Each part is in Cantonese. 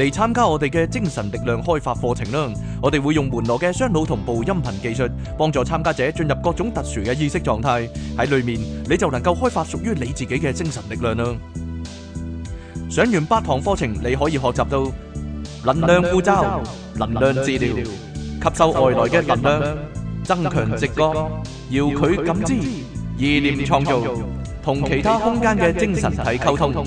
嚟參加我哋嘅精神力量開發課程啦！我哋會用門羅嘅雙腦同步音頻技術，幫助參加者進入各種特殊嘅意識狀態。喺裡面你就能夠開發屬於你自己嘅精神力量啦！上完八堂課程，你可以學習到能量護罩、能量治療、吸收外來嘅能量、增強直覺、遙距感知、意念創造、同其他空間嘅精神體溝通。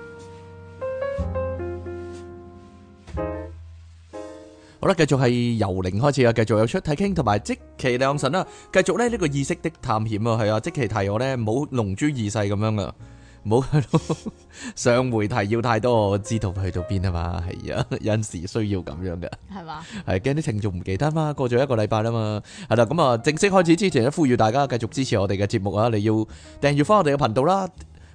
好啦，繼續係由零開始啊，繼續有出睇傾，同埋即其兩神啊！繼續咧呢個意識的探險啊，係啊！即其提我咧，唔好龍珠二世咁樣噶，唔好 上回提要太多，我知道去到邊啊嘛，係啊，有陣時需要咁樣噶，係嘛吧，係驚啲程序唔記得嘛，過咗一個禮拜啊嘛，係啦，咁啊正式開始之前咧，呼籲大家繼續支持我哋嘅節目啊，你要訂閱翻我哋嘅頻道啦。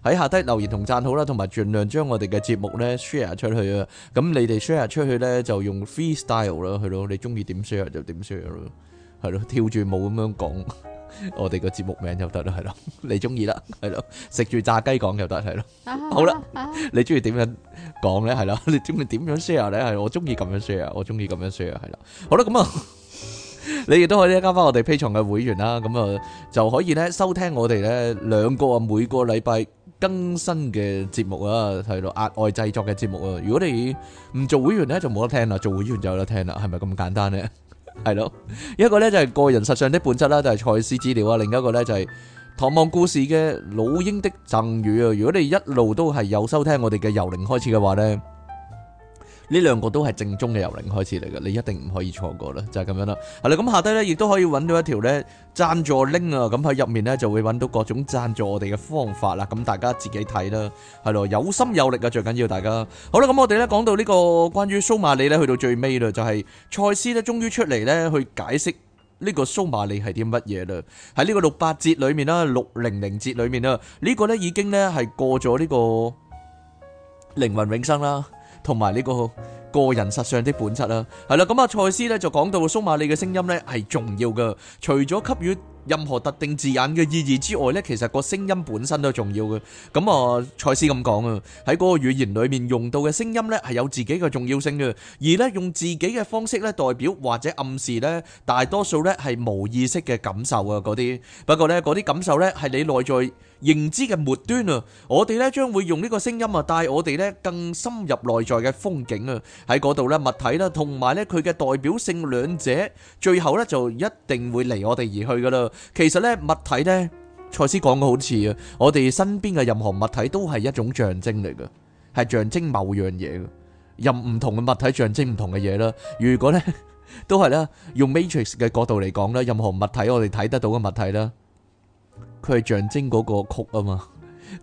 喺下低留言同讚好啦，同埋盡量將我哋嘅節目咧 share 出去啊！咁你哋 share 出去咧，就用 freestyle 啦，係咯，你中意點 share 就點 share 咯，係咯，跳住舞咁樣講我哋個節目名就得啦，係啦，你中意啦，係咯，食住炸雞講就得，係咯，好啦，你中意點樣講咧，係啦，你中意點樣 share 咧，係我中意咁樣 share，我中意咁樣 share，係啦，好啦，咁啊，你亦都可以加入翻我哋 Patreon 嘅會員啦，咁啊，啊就可以咧收聽我哋咧兩個啊每個禮拜，更新嘅節目啊，係咯，額外製作嘅節目啊，如果你唔做會員呢，就冇得聽啦；做會員就有得聽啦，係咪咁簡單呢？係 咯，一個呢就係個人實相的本質啦，就係賽斯資料啊；另一個呢就係《唐望故事》嘅老鷹的贈予啊。如果你一路都係有收聽我哋嘅由零開始嘅話呢。呢兩個都係正宗嘅由零開始嚟嘅，你一定唔可以錯過啦，就係咁樣啦。係啦，咁下低咧亦都可以揾到一條咧贊助 link 啊，咁喺入面咧就會揾到各種贊助我哋嘅方法啦，咁大家自己睇啦。係咯，有心有力啊，最緊要大家。好啦，咁我哋咧講到呢個關於蘇馬里咧去到最尾啦，就係賽斯咧終於出嚟咧去解釋呢個蘇馬里係啲乜嘢啦。喺呢個六八節裏面啦，六零零節裏面啦，呢個咧已經咧係過咗呢個靈魂永生啦。同埋呢個個人實相的本質啦，係啦，咁啊，賽斯咧就講到蘇馬利嘅聲音咧係重要嘅，除咗給予任何特定字眼嘅意義之外咧，其實個聲音本身都重要嘅。咁啊，賽斯咁講啊，喺嗰個語言裏面用到嘅聲音咧係有自己嘅重要性嘅，而咧用自己嘅方式咧代表或者暗示咧大多數咧係無意識嘅感受啊嗰啲，不過咧嗰啲感受咧係你內在認知嘅末端啊，我哋咧將會用呢個聲音啊，帶我哋咧更深入內在嘅風景啊，喺嗰度咧物體啦，同埋咧佢嘅代表性兩者，最後咧就一定會離我哋而去噶啦。其實咧物體咧，賽斯講嘅好似啊，我哋身邊嘅任何物體都係一種象徵嚟㗎，係象徵某樣嘢嘅，任唔同嘅物體象徵唔同嘅嘢啦。如果咧都係啦，用 Matrix 嘅角度嚟講咧，任何物體我哋睇得到嘅物體啦。佢係象徵嗰個曲啊嘛，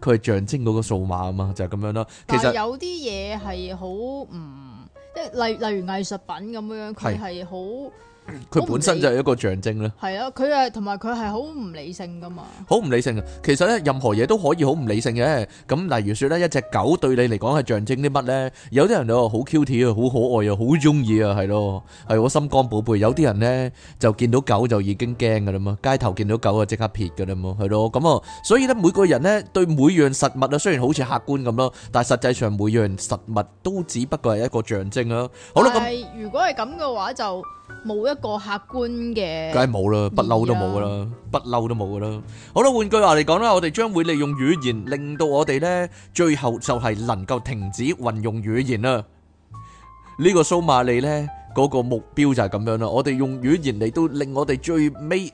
佢係象徵嗰個數碼啊嘛，就係、是、咁樣啦。其實有啲嘢係好唔即係，例例如藝術品咁樣，佢係好。佢本身就係一個象徵咧，係啊，佢係，同埋佢係好唔理性噶嘛，好唔理性啊！其實咧，任何嘢都可以好唔理性嘅。咁例如說咧，一隻狗對你嚟講係象徵啲乜咧？有啲人就好 cute 啊，好可愛啊，好中意啊，係咯，係我心肝寶貝。有啲人咧就見到狗就已經驚噶啦嘛，街頭見到狗就即刻撇噶啦嘛，係咯。咁啊，所以咧，每個人咧對每樣實物啊，雖然好似客觀咁咯，但係實際上每樣實物都只不過係一個象徵咯。好啦，咁如果係咁嘅話就。冇一個客觀嘅，梗係冇啦，不嬲都冇啦，不嬲都冇噶啦。好啦，換句話嚟講啦，我哋將會利用語言，令到我哋呢，最後就係能夠停止運用語言啦。呢個蘇馬利呢，嗰個目標就係咁樣啦。我哋用語言嚟到令我哋最尾，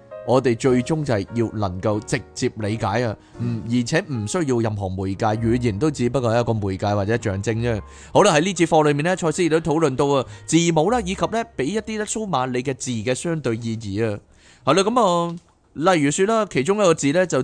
我哋最終就係要能夠直接理解啊，嗯，而且唔需要任何媒介，語言都只不過係一個媒介或者象徵啫。好啦，喺呢節課裏面呢，賽斯都討論到啊，字母啦，以及呢俾一啲咧蘇馬利嘅字嘅相對意義啊。係啦，咁、嗯、啊，例如説啦，其中一個字呢，就。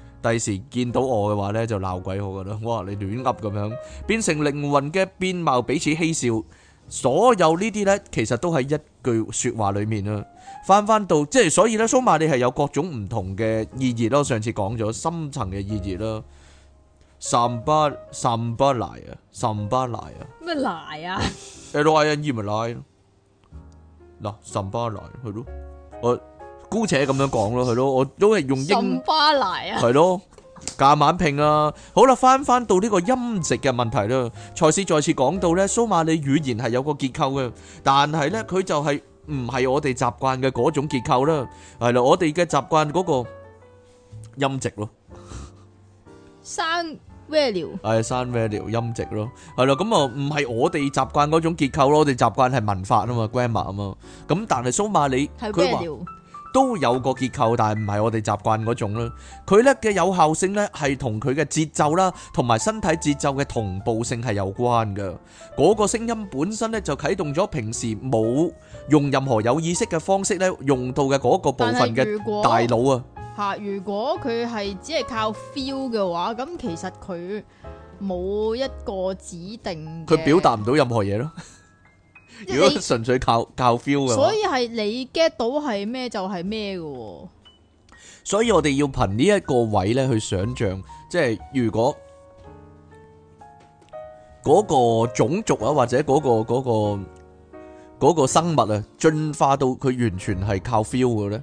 第時見到我嘅話咧，就鬧鬼，我覺得，我話你亂噏咁樣，變成靈魂嘅面貌，彼此嬉笑，所有呢啲咧，其實都喺一句說話裏面啦。翻翻到即係，所以咧蘇瑪利係有各種唔同嘅意義咯。上次講咗深層嘅意義啦。什巴什巴來啊，什巴來啊。咩來啊？係咯，I N U 咪來咯。嗱，什巴來係咯，我。姑且咁樣講咯，係咯，我都係用英，係咯，夾硬拼啊！好啦，翻翻到呢個音值嘅問題咧，賽斯再次講到咧，蘇馬里語言係有個結構嘅，但係咧佢就係唔係我哋習慣嘅嗰種結構啦。係啦，我哋嘅習慣嗰個音值咯，山 value，係山 value 音值咯。係啦，咁啊唔係我哋習慣嗰種結構咯，我哋習慣係文法啊嘛，grammar 啊嘛。咁但係蘇馬里佢話。都有個結構，但係唔係我哋習慣嗰種啦。佢咧嘅有效性咧係同佢嘅節奏啦，同埋身體節奏嘅同步性係有關嘅。嗰個聲音本身咧就啟動咗平時冇用任何有意識嘅方式咧用到嘅嗰個部分嘅大腦啊。嚇！如果佢係只係靠 feel 嘅話，咁其實佢冇一個指定，佢表達唔到任何嘢咯。如果純粹靠你靠 feel 嘅，所以係你 get 到係咩就係咩嘅。所以我哋要憑呢一個位咧去想象，即係如果嗰個種族啊或者嗰、嗰個、嗰個、嗰個生物啊進化到佢完全係靠 feel 嘅咧。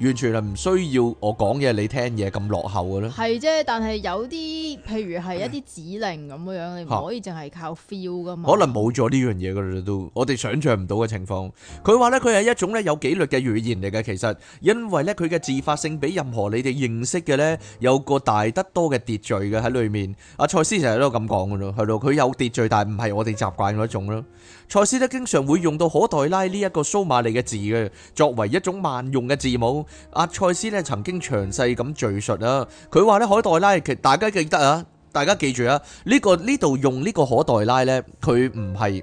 完全係唔需要我講嘢你聽嘢咁落後嘅咧，係啫。但係有啲譬如係一啲指令咁樣，你唔可以淨係靠 feel 噶嘛。可能冇咗呢樣嘢噶啦都，我哋想象唔到嘅情況。佢話咧，佢係一種咧有紀律嘅語言嚟嘅。其實因為咧，佢嘅自發性比任何你哋認識嘅咧有個大得多嘅秩序嘅喺裏面。阿賽斯成日都咁講噶咯，係咯，佢有秩序，但係唔係我哋習慣嗰一種咯。賽斯咧經常會用到可代拉呢一個蘇馬利嘅字嘅，作為一種萬用嘅字母。阿賽斯咧曾經詳細咁叙述啦，佢話咧可代拉，其大家記得啊，大家記住啊，呢、這個呢度用呢個可代拉呢，佢唔係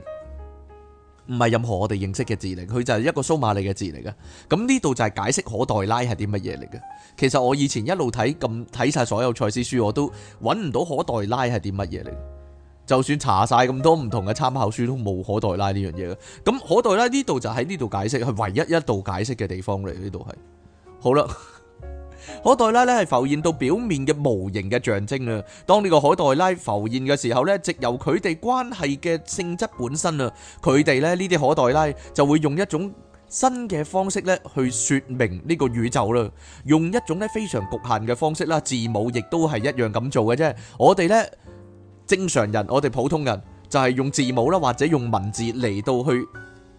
唔係任何我哋認識嘅字嚟，佢就係一個蘇馬利嘅字嚟嘅。咁呢度就係解釋可代拉係啲乜嘢嚟嘅。其實我以前一路睇咁睇晒所有賽斯書，我都揾唔到可代拉係啲乜嘢嚟。就算查曬咁多唔同嘅參考書，都冇可代拉呢樣嘢嘅。咁可代拉呢度就喺呢度解釋，係唯一一度解釋嘅地方嚟。呢度係好啦，可代拉呢係浮現到表面嘅無形嘅象徵啊。當呢個可代拉浮現嘅時候呢，藉由佢哋關係嘅性質本身啊，佢哋呢呢啲可代拉就會用一種新嘅方式呢去説明呢個宇宙啦。用一種呢非常侷限嘅方式啦，字母亦都係一樣咁做嘅啫。我哋呢。正常人，我哋普通人就係、是、用字母啦，或者用文字嚟到去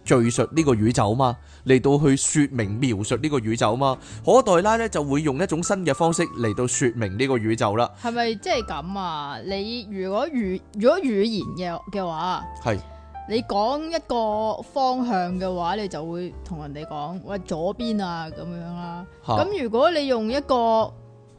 敘述呢個宇宙嘛，嚟到去說明描述呢個宇宙嘛。可代拉呢，就會用一種新嘅方式嚟到說明呢個宇宙啦。係咪即係咁啊？你如果語如果語言嘅嘅話，係是你講一個方向嘅話，你就會同人哋講喂，左邊啊咁樣啦、啊。咁哈如果你用一個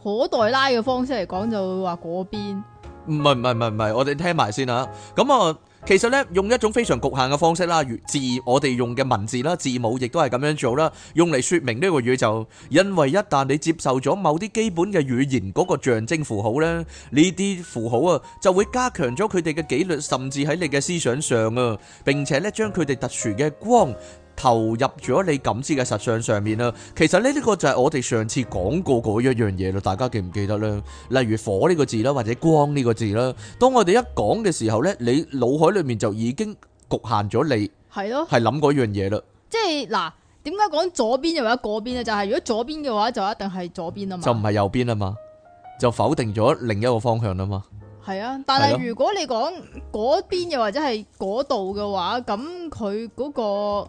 可代拉嘅方式嚟講，就會話嗰邊。唔係唔係唔係，我哋聽埋先嚇。咁啊，其實呢，用一種非常局限嘅方式啦，字我哋用嘅文字啦、字母，亦都係咁樣做啦，用嚟説明呢個宇宙。因為一旦你接受咗某啲基本嘅語言嗰個象徵符號呢，呢啲符號啊就會加強咗佢哋嘅紀律，甚至喺你嘅思想上啊。並且呢，將佢哋特殊嘅光，投入咗你感知嘅實相上面啦，其實呢啲、呢個就係我哋上次講過嗰一樣嘢啦，大家記唔記得咧？例如火呢個字啦，或者光呢個字啦。當我哋一講嘅時候呢，你腦海裡面就已經局限咗你，係咯的，係諗嗰樣嘢啦。即係嗱，點解講左邊又或者嗰邊咧？就係、是、如果左邊嘅話，就一定係左邊啊嘛，就唔係右邊啊嘛，就否定咗另一個方向啊嘛。係啊，但係的如果你講嗰邊又或者係嗰度嘅話，咁佢嗰個。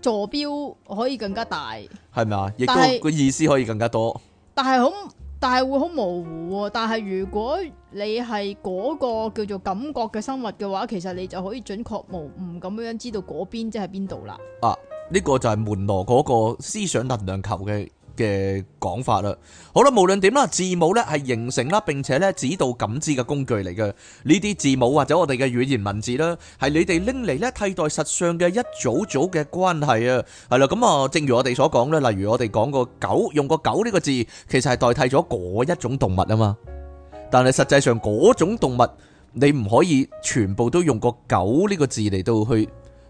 坐標可以更加大，係咪啊？亦都個是意思可以更加多。但係好，但係會好模糊，哦。但係如果你係嗰個叫做感覺嘅生物嘅話，其實你就可以準確無誤咁樣知道嗰邊即係邊度啦。啊，呢、這個就係門羅嗰個思想能量球嘅。嘅講法啦，好啦，無論點啦，字母呢係形成啦，並且呢指導感知嘅工具嚟嘅，呢啲字母或者我哋嘅語言文字啦，係你哋拎嚟呢替代實相嘅一組組嘅關係啊，係啦，咁啊，正如我哋所講呢，例如我哋講個狗，用個狗呢個字，其實係代替咗嗰一種動物啊嘛，但係實際上嗰種動物你唔可以全部都用個狗呢個字嚟到去。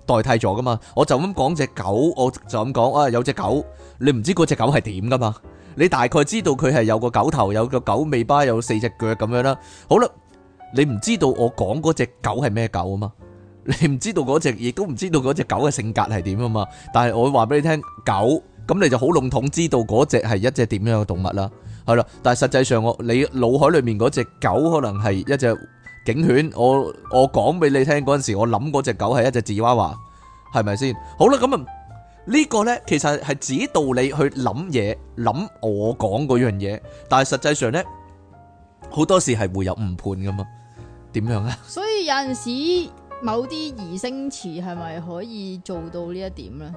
代替咗噶嘛？我就咁講隻狗，我就咁講啊，有隻狗，你唔知嗰隻狗係點噶嘛？你大概知道佢係有個狗頭，有個狗尾巴，有四隻腳咁樣啦。好啦，你唔知道我講嗰隻狗係咩狗啊嘛？你唔知道嗰隻，亦都唔知道嗰隻狗嘅性格係點啊嘛？但係我話俾你聽，狗咁你就好籠統知道嗰隻係一隻點樣嘅動物啦，係啦。但係實際上我你腦海裏面嗰隻狗可能係一隻。警犬，我我講俾你聽嗰陣時，我諗嗰隻狗係一隻紙娃娃，係咪先？好啦，咁啊呢個呢，其實係指導你去諗嘢，諗我講嗰樣嘢，但係實際上呢，好多時係會有誤判噶嘛？點樣啊？所以有陣時，某啲擬聲詞係咪可以做到呢一點呢？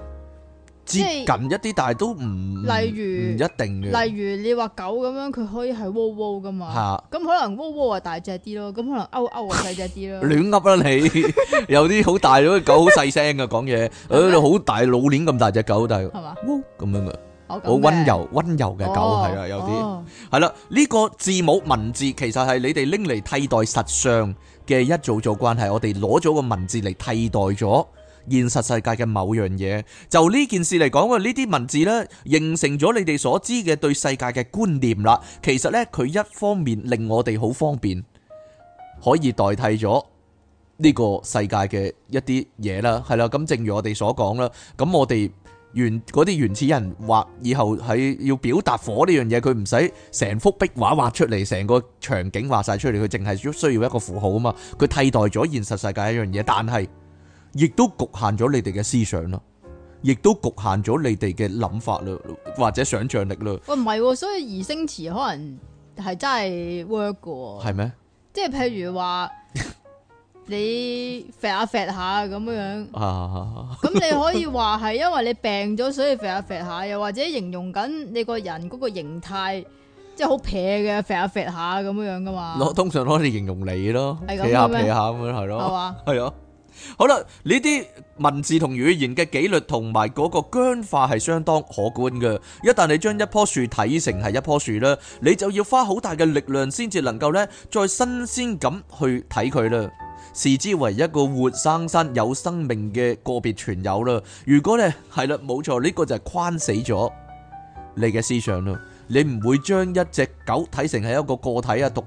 接近一啲，但係都唔，例如唔一定嘅。例如你話狗咁樣，佢可以係喔喔嘅嘛。係啊，咁可能喔喔啊大隻啲咯，咁可能歐歐啊細隻啲咯。亂噏啦你，有啲好大嗰啲狗好細聲嘅講嘢，誒好大老鏈咁大隻狗，但係係嘛？喔咁樣嘅，好溫柔溫柔嘅狗係啊，有啲係啦。呢個字母文字其實係你哋拎嚟替代實相嘅一組組關係，我哋攞咗個文字嚟替代咗。現實世界嘅某樣嘢，就呢件事嚟講啊，呢啲文字呢，形成咗你哋所知嘅對世界嘅觀念啦。其實呢，佢一方面令我哋好方便，可以代替咗呢個世界嘅一啲嘢啦。係啦，咁正如我哋所講啦，咁我哋原嗰啲原始人話以後喺要表達火呢樣嘢，佢唔使成幅壁畫畫出嚟，成個場景畫晒出嚟，佢淨係需要一個符號啊嘛。佢替代咗現實世界一樣嘢，但係，亦都局限咗你哋嘅思想啦，亦都局限咗你哋嘅諗法啦，或者想象力啦。喂，唔係，所以擬聲詞可能係真係 work 嘅。係咩？即係譬如話你肥下肥下咁樣樣。咁你可以話係因為你病咗，所以肥下肥下。又或者形容緊你個人嗰個形態，即係好撇嘅肥下肥下咁樣樣噶嘛。通常可以形容你咯，企下企下咁樣係咯。係嘛？係咯。好啦，呢啲文字同語言嘅紀律同埋嗰個僵化係相當可觀嘅。一旦你將一棵樹睇成係一棵樹咧，你就要花好大嘅力量先至能夠呢，再新鮮咁去睇佢啦，視之為一個活生生有生命嘅個別存有啦。如果呢，係啦，冇錯，呢個就係框死咗你嘅思想啦。你唔會將一隻狗睇成係一個個體啊，獨。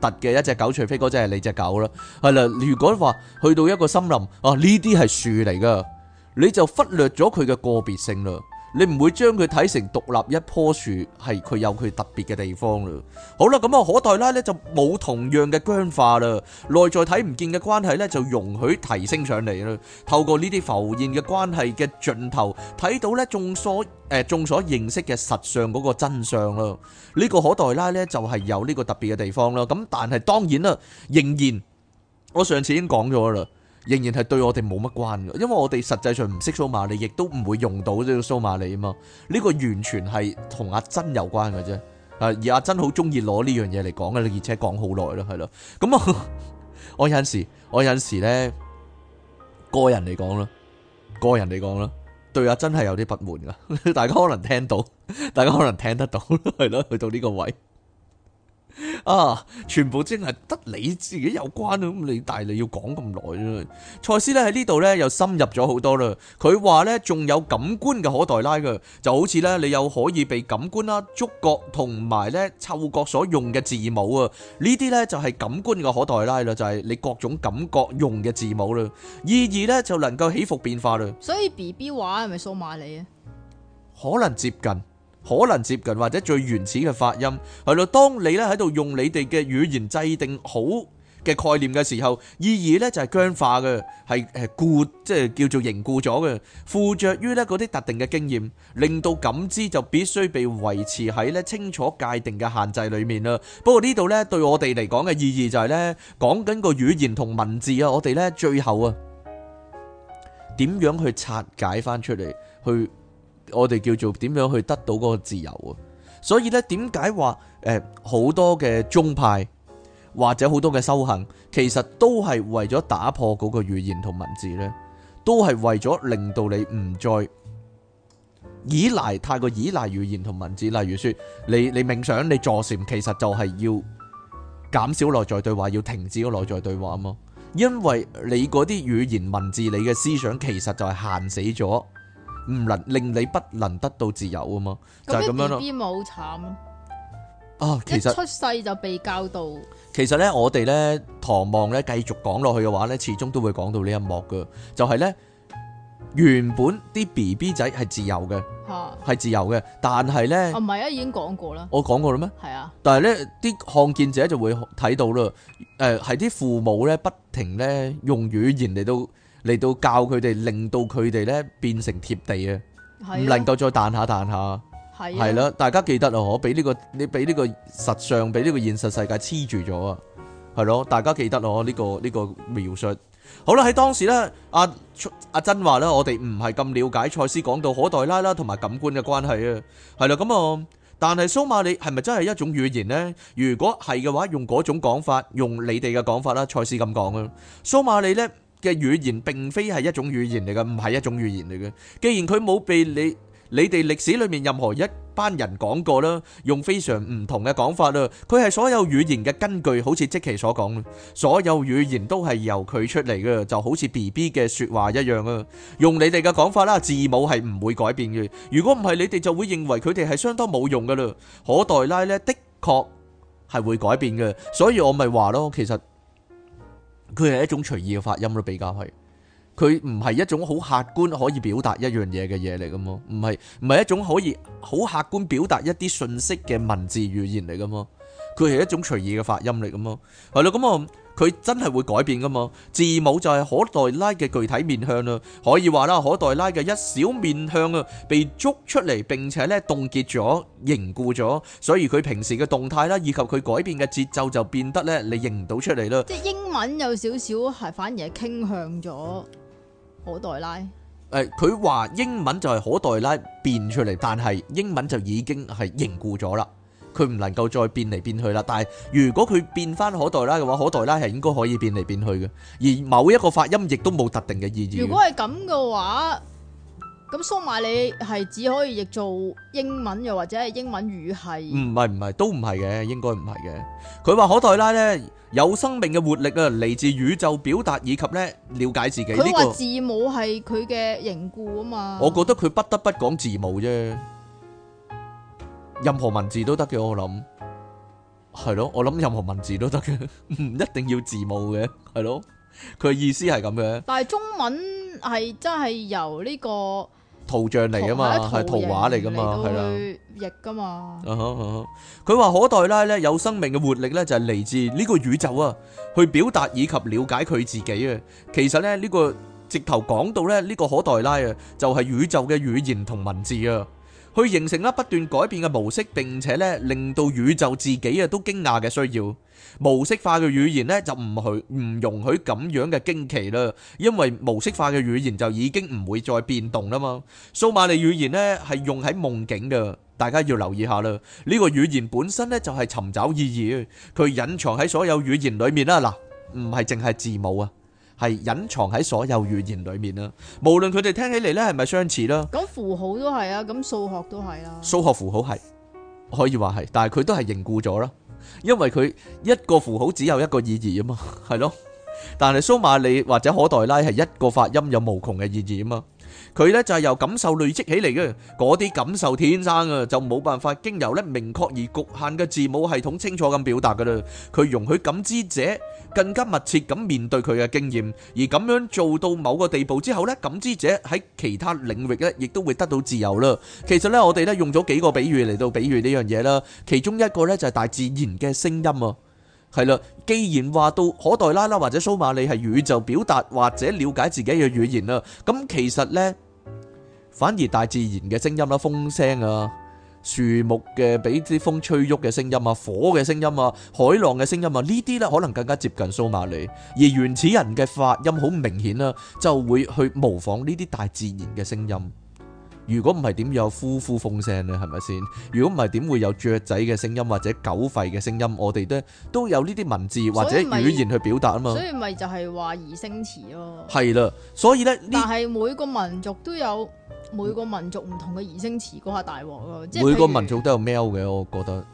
特嘅一隻狗，除非嗰隻係你隻狗啦，係啦。如果話去到一個森林，啊呢啲係樹嚟㗎，你就忽略咗佢嘅個別性啦。你唔會將佢睇成獨立一棵樹，係佢有佢特別嘅地方咯。好啦，咁啊，可代拉呢就冇同樣嘅僵化啦，內在睇唔見嘅關係呢，就容許提升上嚟啦。透過呢啲浮現嘅關係嘅盡頭，睇到呢眾所誒眾、呃、所認識嘅實相嗰個真相咯。呢、這個可代拉呢，就係有呢個特別嘅地方啦。咁但係當然啦，仍然我上次已經講咗啦。仍然係對我哋冇乜關嘅，因為我哋實際上唔識蘇馬利，亦都唔會用到呢個蘇馬利啊嘛。呢個完全係同阿珍有關嘅啫。啊，而阿珍好中意攞呢樣嘢嚟講嘅，而且講好耐咯，係咯。咁啊，我有陣時，我有陣時咧，個人嚟講啦，個人嚟講啦，對阿珍係有啲不滿噶。大家可能聽到，大家可能聽得到，係咯，去到呢個位。啊！全部真係得你自己有關啊！咁你但係要講咁耐啊！賽斯咧喺呢度咧又深入咗好多啦。佢話咧仲有感官嘅可代拉嘅，就好似咧你有可以被感官啦觸覺同埋咧嗅覺所用嘅字母啊！呢啲咧就係感官嘅可代拉啦，就係你各種感覺用嘅字母啦。意義咧就能夠起伏變化啦。所以 BB 話係咪數碼嚟啊？可能接近。可能接近或者最原始嘅發音係咯。當你咧喺度用你哋嘅語言制定好嘅概念嘅時候，意義咧就係僵化嘅，係誒固，即係叫做凝固咗嘅，附著於咧嗰啲特定嘅經驗，令到感知就必須被維持喺咧清楚界定嘅限制裡面啦。不過呢度咧對我哋嚟講嘅意義就係咧講緊個語言同文字啊，我哋咧最後啊點樣去拆解返出嚟去？我哋叫做點樣去得到嗰個自由啊？所以咧，點解話誒好多嘅宗派或者好多嘅修行，其實都係為咗打破嗰個語言同文字呢？都係為咗令到你唔再依賴，太過依賴語言同文字。例如說，你你冥想你坐禪，其實就係要減少內在對話，要停止個內在對話嘛，因為你嗰啲語言文字，你嘅思想其實就係限死咗。唔能令你不能得到自由啊嘛，就係咁樣咯。咁個 B B 咪好慘咯。啊，其實出世就被教導。其實咧，我哋咧，唐望咧，繼續講落去嘅話咧，始終都會講到呢一幕嘅，就係咧，原本啲 B B 仔係自由嘅，係自由嘅，但係咧，我唔係啊，已經講過啦，我講過啦咩？係啊。但係咧，啲看見者就會睇到啦，誒，係啲父母咧，不停咧用語言嚟到。嚟到教佢哋，令到佢哋咧變成貼地啊！唔能夠再彈下彈下，係啦！大家記得啊，我俾呢個你俾呢個實相，俾呢個現實世界黐住咗啊！係咯，大家記得我呢個呢個描述。好啦，喺當時咧，阿阿珍話咧，我哋唔係咁瞭解賽斯講到可代拉啦同埋感官嘅關係啊。係啦，咁啊，但係蘇馬利係咪真係一種語言咧？如果係嘅話，用嗰種講法，用你哋嘅講法啦，賽斯咁講啊，蘇馬利咧。嘅語言並非係一種語言嚟嘅，唔係一種語言嚟嘅。既然佢冇被你你哋歷史裏面任何一班人講過啦，用非常唔同嘅講法啦，佢係所有語言嘅根據，好似積奇所講，所有語言都係由佢出嚟嘅，就好似 BB 嘅說話一樣啊。用你哋嘅講法啦，字母係唔會改變嘅。如果唔係，你哋就會認為佢哋係相當冇用噶啦。可代拉呢，的確係會改變嘅，所以我咪話咯，其實。佢係一種隨意嘅發音咯，比較係，佢唔係一種好客觀可以表達一樣嘢嘅嘢嚟㗎嘛，唔係唔係一種可以好客觀表達一啲信息嘅文字語言嚟噶嘛，佢係一種隨意嘅發音嚟㗎嘛。係咯，咁我。佢真係會改變噶嘛？字母就係可代拉嘅具體面向啦，可以話啦，可代拉嘅一小面向啊，被捉出嚟，並且咧凍結咗、凝固咗，所以佢平時嘅動態啦，以及佢改變嘅節奏就變得咧，你認唔到出嚟咯。即係英文有少少係反而係傾向咗可代拉。誒，佢話英文就係可代拉變出嚟，但係英文就已經係凝固咗啦。佢唔能夠再變嚟變去啦，但係如果佢變翻可代拉嘅話，可代拉係應該可以變嚟變去嘅。而某一個發音亦都冇特定嘅意義。如果係咁嘅話，咁蘇瑪利係只可以譯做英文，又或者係英文語系？唔係唔係，都唔係嘅，應該唔係嘅。佢話可代拉呢，有生命嘅活力啊，嚟自宇宙表達以及呢了解自己。佢話字母係佢嘅凝固啊嘛。我覺得佢不得不講字母啫。任何文字都得嘅，我諗係咯，我諗任何文字都得嘅，唔 一定要字母嘅，係咯，佢意思係咁嘅。但係中文係真係由呢、這個圖像嚟噶嘛，係圖畫嚟噶嘛，係啦，譯噶嘛。佢話、uh huh, uh huh. 可代拉呢，有生命嘅活力呢，就係嚟自呢個宇宙啊，去表達以及了解佢自己啊。其實咧呢個直頭講到呢，呢、這個、個可代拉啊，就係宇宙嘅語言同文字啊。佢形成咧不斷改變嘅模式，並且咧令到宇宙自己啊都驚訝嘅需要。模式化嘅語言咧就唔許，唔容許咁樣嘅驚奇啦，因為模式化嘅語言就已經唔會再變動啦嘛。蘇馬利語言咧係用喺夢境噶，大家要留意下啦。呢個語言本身咧就係尋找意義，佢隱藏喺所有語言裏面啦。嗱，唔係淨係字母啊。係隱藏喺所有語言裏面啦，無論佢哋聽起嚟咧係咪相似啦，咁符號都係啊，咁數學都係啊，數學符號係可以話係，但係佢都係凝固咗啦，因為佢一個符號只有一個意義啊嘛，係咯，但係蘇馬里或者可代拉係一個發音有無窮嘅意義啊嘛，佢呢就係由感受累積起嚟嘅，嗰啲感受天生啊就冇辦法經由呢明確而局限嘅字母系統清楚咁表達噶啦，佢容許感知者。更加密切咁面對佢嘅經驗，而咁樣做到某個地步之後呢，感知者喺其他領域呢，亦都會得到自由啦。其實呢，我哋呢用咗幾個比喻嚟到比喻呢樣嘢啦，其中一個呢就係大自然嘅聲音啊，係啦。既然話到可代拉啦或者蘇馬利係宇宙表達或者瞭解自己嘅語言啦，咁其實呢反而大自然嘅聲音啦，風聲啊。樹木嘅俾啲風吹喐嘅聲音啊，火嘅聲音啊，海浪嘅聲音啊，呢啲咧可能更加接近蘇馬里，而原始人嘅發音好明顯啦，就會去模仿呢啲大自然嘅聲音。如果唔係點有呼呼風聲咧？係咪先？如果唔係點會有雀仔嘅聲音或者狗吠嘅聲音？我哋都都有呢啲文字或者語言去表達啊嘛。所以咪就係話擬聲詞咯。係啦，所以咧，但係每個民族都有。每個民族唔同嘅擬聲詞嗰下大鑊咯，即係每個民族都有喵嘅，我覺得，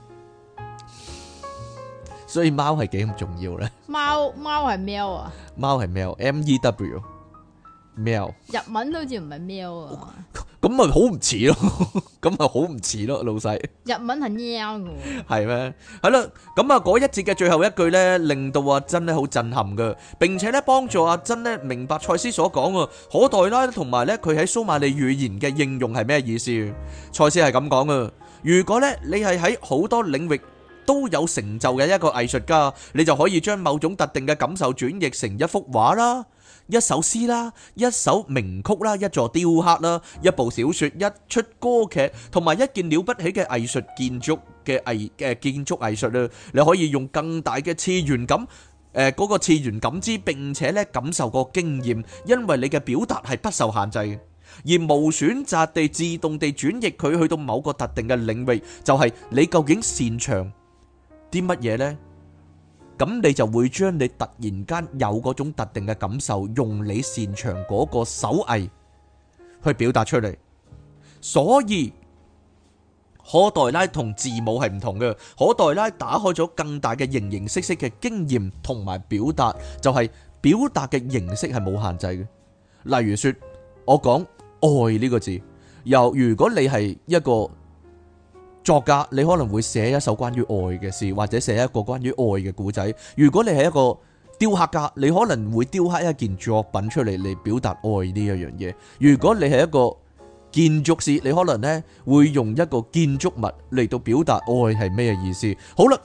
所以貓係幾咁重要咧。貓貓係喵啊！貓係喵，M E W。喵！日文都好似唔係喵啊！咁咪好唔似咯，咁咪好唔似咯，老細。日文係喵嘅喎。係咩？係啦，咁啊，嗰一節嘅最後一句咧，令到阿珍咧好震撼嘅，並且咧幫助阿珍咧明白賽斯所講嘅可黛拉，同埋咧佢喺蘇馬利語言嘅應用係咩意思？賽斯係咁講嘅，如果咧你係喺好多領域。都有成就嘅一個藝術家，你就可以將某種特定嘅感受轉譯成一幅畫啦、一首詩啦、一首名曲啦、一座雕刻啦、一部小說、一出歌劇，同埋一件了不起嘅藝術建築嘅藝，誒，建築藝術啦。你可以用更大嘅次元感，誒嗰個次元感知，並且咧感受個經驗，因為你嘅表達係不受限制嘅，而無選擇地自動地轉譯佢去到某個特定嘅領域，就係你究竟擅長啲乜嘢呢？咁你就會將你突然間有嗰種特定嘅感受，用你擅長嗰個手藝去表達出嚟。所以，可代拉同字母係唔同嘅。可代拉打開咗更大嘅形形色色嘅經驗同埋表達，就係表達嘅形式係冇限制嘅。例如說，我講愛呢個字，又如果你係一個。作家，你可能會寫一首關於愛嘅詩，或者寫一個關於愛嘅故仔。如果你係一個雕刻家，你可能會雕刻一件作品出嚟嚟表達愛呢一樣嘢。如果你係一個建築師，你可能呢會用一個建築物嚟到表達愛係咩意思。好啦，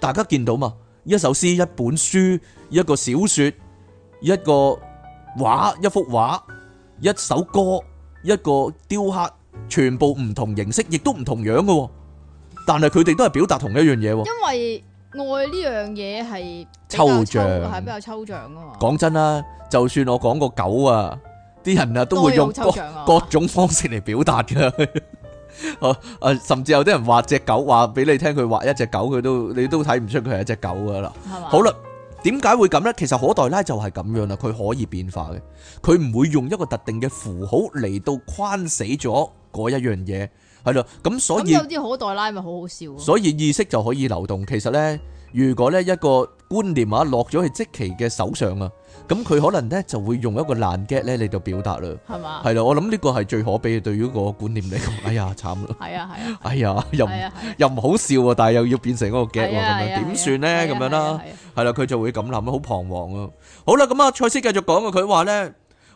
大家見到嘛？一首詩、一本書、一個小說、一個畫、一幅畫、一首歌、一個雕刻。全部唔同形式，亦都唔同樣噶，但係佢哋都係表達同一樣嘢。因為愛呢樣嘢係抽象，係比較抽象噶嘛。講真啦，就算我講個狗啊，啲人啊都會用各，各，各種方式嚟表達噶、 啊。甚至有啲人畫隻狗話俾你聽，佢畫一隻狗，佢都你都睇唔出佢係一隻狗噶啦。吧好啦，點解會咁呢？其實可帶拉就係咁樣啦，佢可以變化嘅，佢唔會用一個特定嘅符號嚟到框死咗。嗰一樣嘢係咯，咁所以咁有啲可待拉咪好好笑。所以意識就可以流動。其實咧，如果咧一個觀念啊落咗去積奇嘅手上啊，咁佢可能咧就會用一個爛 get 咧嚟到表達啦。係嘛？係咯，我諗呢個係最可悲嘅對於個觀念嚟講。哎呀，慘啦！係啊係啊！哎呀，又唔又唔好笑喎，但係又要變成嗰個 get 喎，咁樣點算咧？咁樣啦，係啦，佢就會咁諗啦，好彷徨啊！好啦，咁啊，賽斯繼續講啊，佢話咧。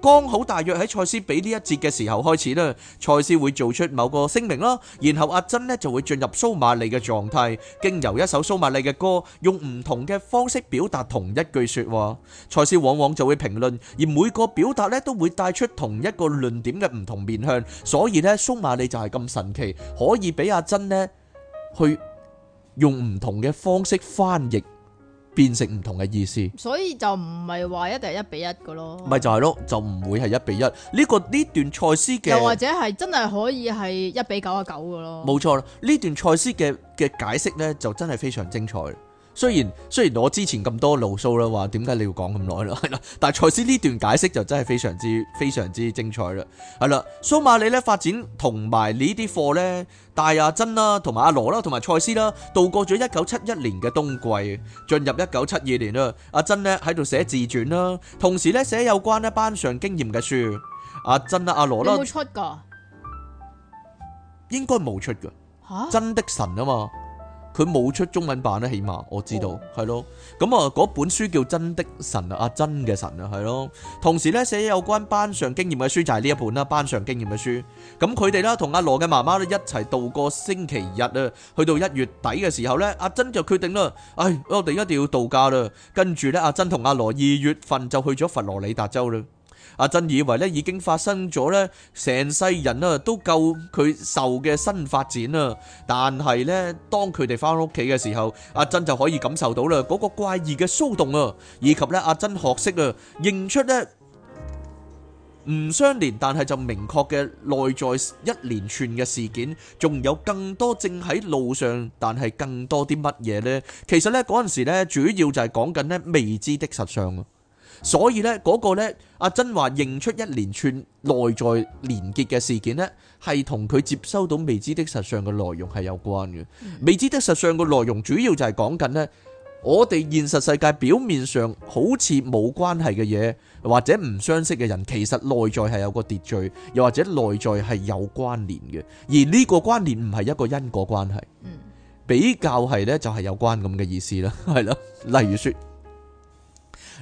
剛好大約喺賽斯俾呢一節嘅時候開始啦，賽斯會做出某個聲明啦，然後阿珍呢就會進入蘇瑪利嘅狀態，經由一首蘇瑪利嘅歌，用唔同嘅方式表達同一句說話。賽斯往往就會評論，而每個表達呢都會帶出同一個論點嘅唔同面向，所以呢蘇瑪利就係咁神奇，可以俾阿珍呢去用唔同嘅方式翻譯。變成唔同嘅意思，所以就唔係話一定係一比一嘅咯，咪就係咯，就唔會係一比一，呢個呢段賽斯嘅，又或者係真係可以係一比九啊九嘅咯。冇錯啦，呢段賽斯嘅嘅解釋呢，就真係非常精彩。雖然雖然我之前咁多牢騷啦，話點 解你要講咁耐啦，係啦， 但係賽斯呢段解釋就真係非常之非常之精彩啦，係啦，蘇馬里咧發展同埋呢啲課咧，但係阿珍啦，同埋阿羅啦，同埋賽斯啦，度過咗一九七一年嘅冬季，進入一九七二年啦，阿珍咧喺度寫自傳啦，同時咧寫有關咧班上經驗嘅書，阿珍，啦，阿羅啦，冇出噶，應該冇出噶，吓，珍的神啊嘛。佢冇出中文版咧，起碼我知道係咯。咁啊，嗰本書叫《真的神》啊，阿珍嘅神啊，係咯。同時咧，寫有關班上經驗嘅書就係呢一本啦。班上經驗嘅書。咁佢哋啦，同阿羅嘅媽媽咧一齊度過星期日啊。去到一月底嘅時候咧，阿珍就決定啦，唉，我哋一定要度假啦。跟住咧，阿珍同阿羅二月份就去咗佛羅里達州啦。阿珍以為咧已經發生咗咧，成世人啊都夠佢受嘅新發展啊，但係咧當佢哋翻屋企嘅時候，阿珍就可以感受到啦嗰個怪異嘅騷動啊，以及咧阿珍學識啊認出咧唔相連但係就明確嘅內在一連串嘅事件，仲有更多正喺路上，但係更多啲乜嘢呢？其實咧嗰陣時咧主要就係講緊咧未知的實相。所以呢，嗰個呢，阿珍話認出一連串內在連結嘅事件呢，係同佢接收到未知的實相嘅內容係有關嘅。未知的實相嘅內容主要就係講緊呢，我哋現實世界表面上好似冇關係嘅嘢，或者唔相識嘅人，其實內在係有個秩序，又或者內在係有關聯嘅。而呢個關聯唔係一個因果關係，比較係呢，就係有關咁嘅意思啦，係啦，例如説。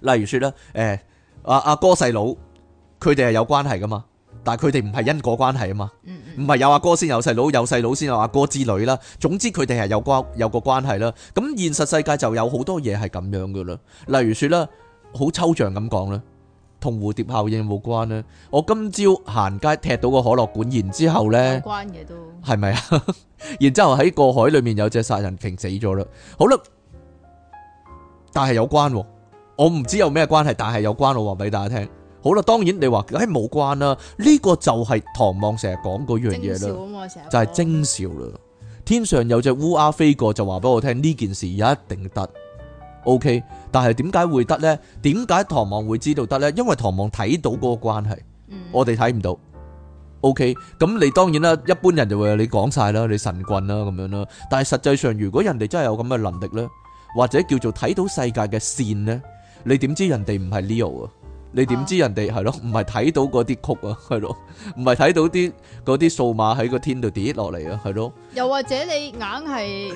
例如說咧，誒、欸，阿、啊、阿哥細佬，佢哋係有關係噶嘛，但係佢哋唔係因果關係啊嘛，唔係有阿哥先有細佬，有細佬先有阿哥，哥之類啦。總之佢哋係有關有個關係啦。咁現實世界就有好多嘢係咁樣噶啦。例如說咧，好抽象咁講啦，同蝴蝶效應冇關啦。我今朝行街踢到個可樂罐，然之後咧，係咪不 啊？然之後喺個海裏面有隻殺人鯨死咗啦。好啦，但係有關。我唔知有咩關係，但係有關我話俾大家聽。好啦，當然你話唉冇關啦，呢、這個就係唐望成日講嗰樣嘢啦，就係徵兆啦。天上有隻烏鴉飛過就，就話俾我聽呢件事一定得。OK，但係點解會得呢？點解唐望會知道得呢？因為唐望睇到嗰個關係，嗯、我哋睇唔到。O K，咁你當然啦，一般人就會話你講晒啦，你神棍啦咁樣啦。但係實際上如果人哋真係有咁嘅能力呢，或者叫做睇到世界嘅線呢。你點知人哋唔係 Leo 啊？你點知人哋係咯？唔係睇到嗰啲曲啊？係咯？唔係睇到啲嗰啲數碼喺個天度跌落嚟啊？係咯？又或者你硬係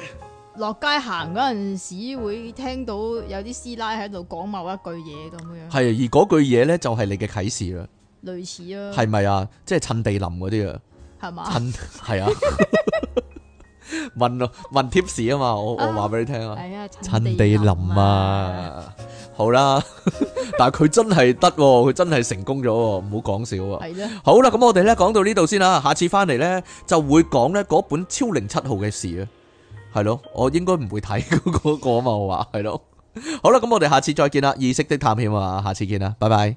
落街行嗰陣時會聽到有啲師奶喺度講某一句嘢咁樣樣？係，而嗰句嘢咧就係你嘅啟示啦。類似啊。係咪啊？即係趁地林嗰啲啊？係嘛吧？趁係啊。 問啊問 tips 啊嘛，我我話俾你聽啊。係啊，趁地林啊！好啦，但係佢真係得，佢真係成功咗，唔好講笑啊！係啦，好啦，咁我哋呢講到呢度先啦，下次翻嚟呢，就會講呢嗰本超靈七號嘅事啊，係咯，我應該唔會睇嗰嗰個啊嘛，我話係咯，好啦，咁我哋下次再見啦，意識的探險啊，下次見啊，拜拜。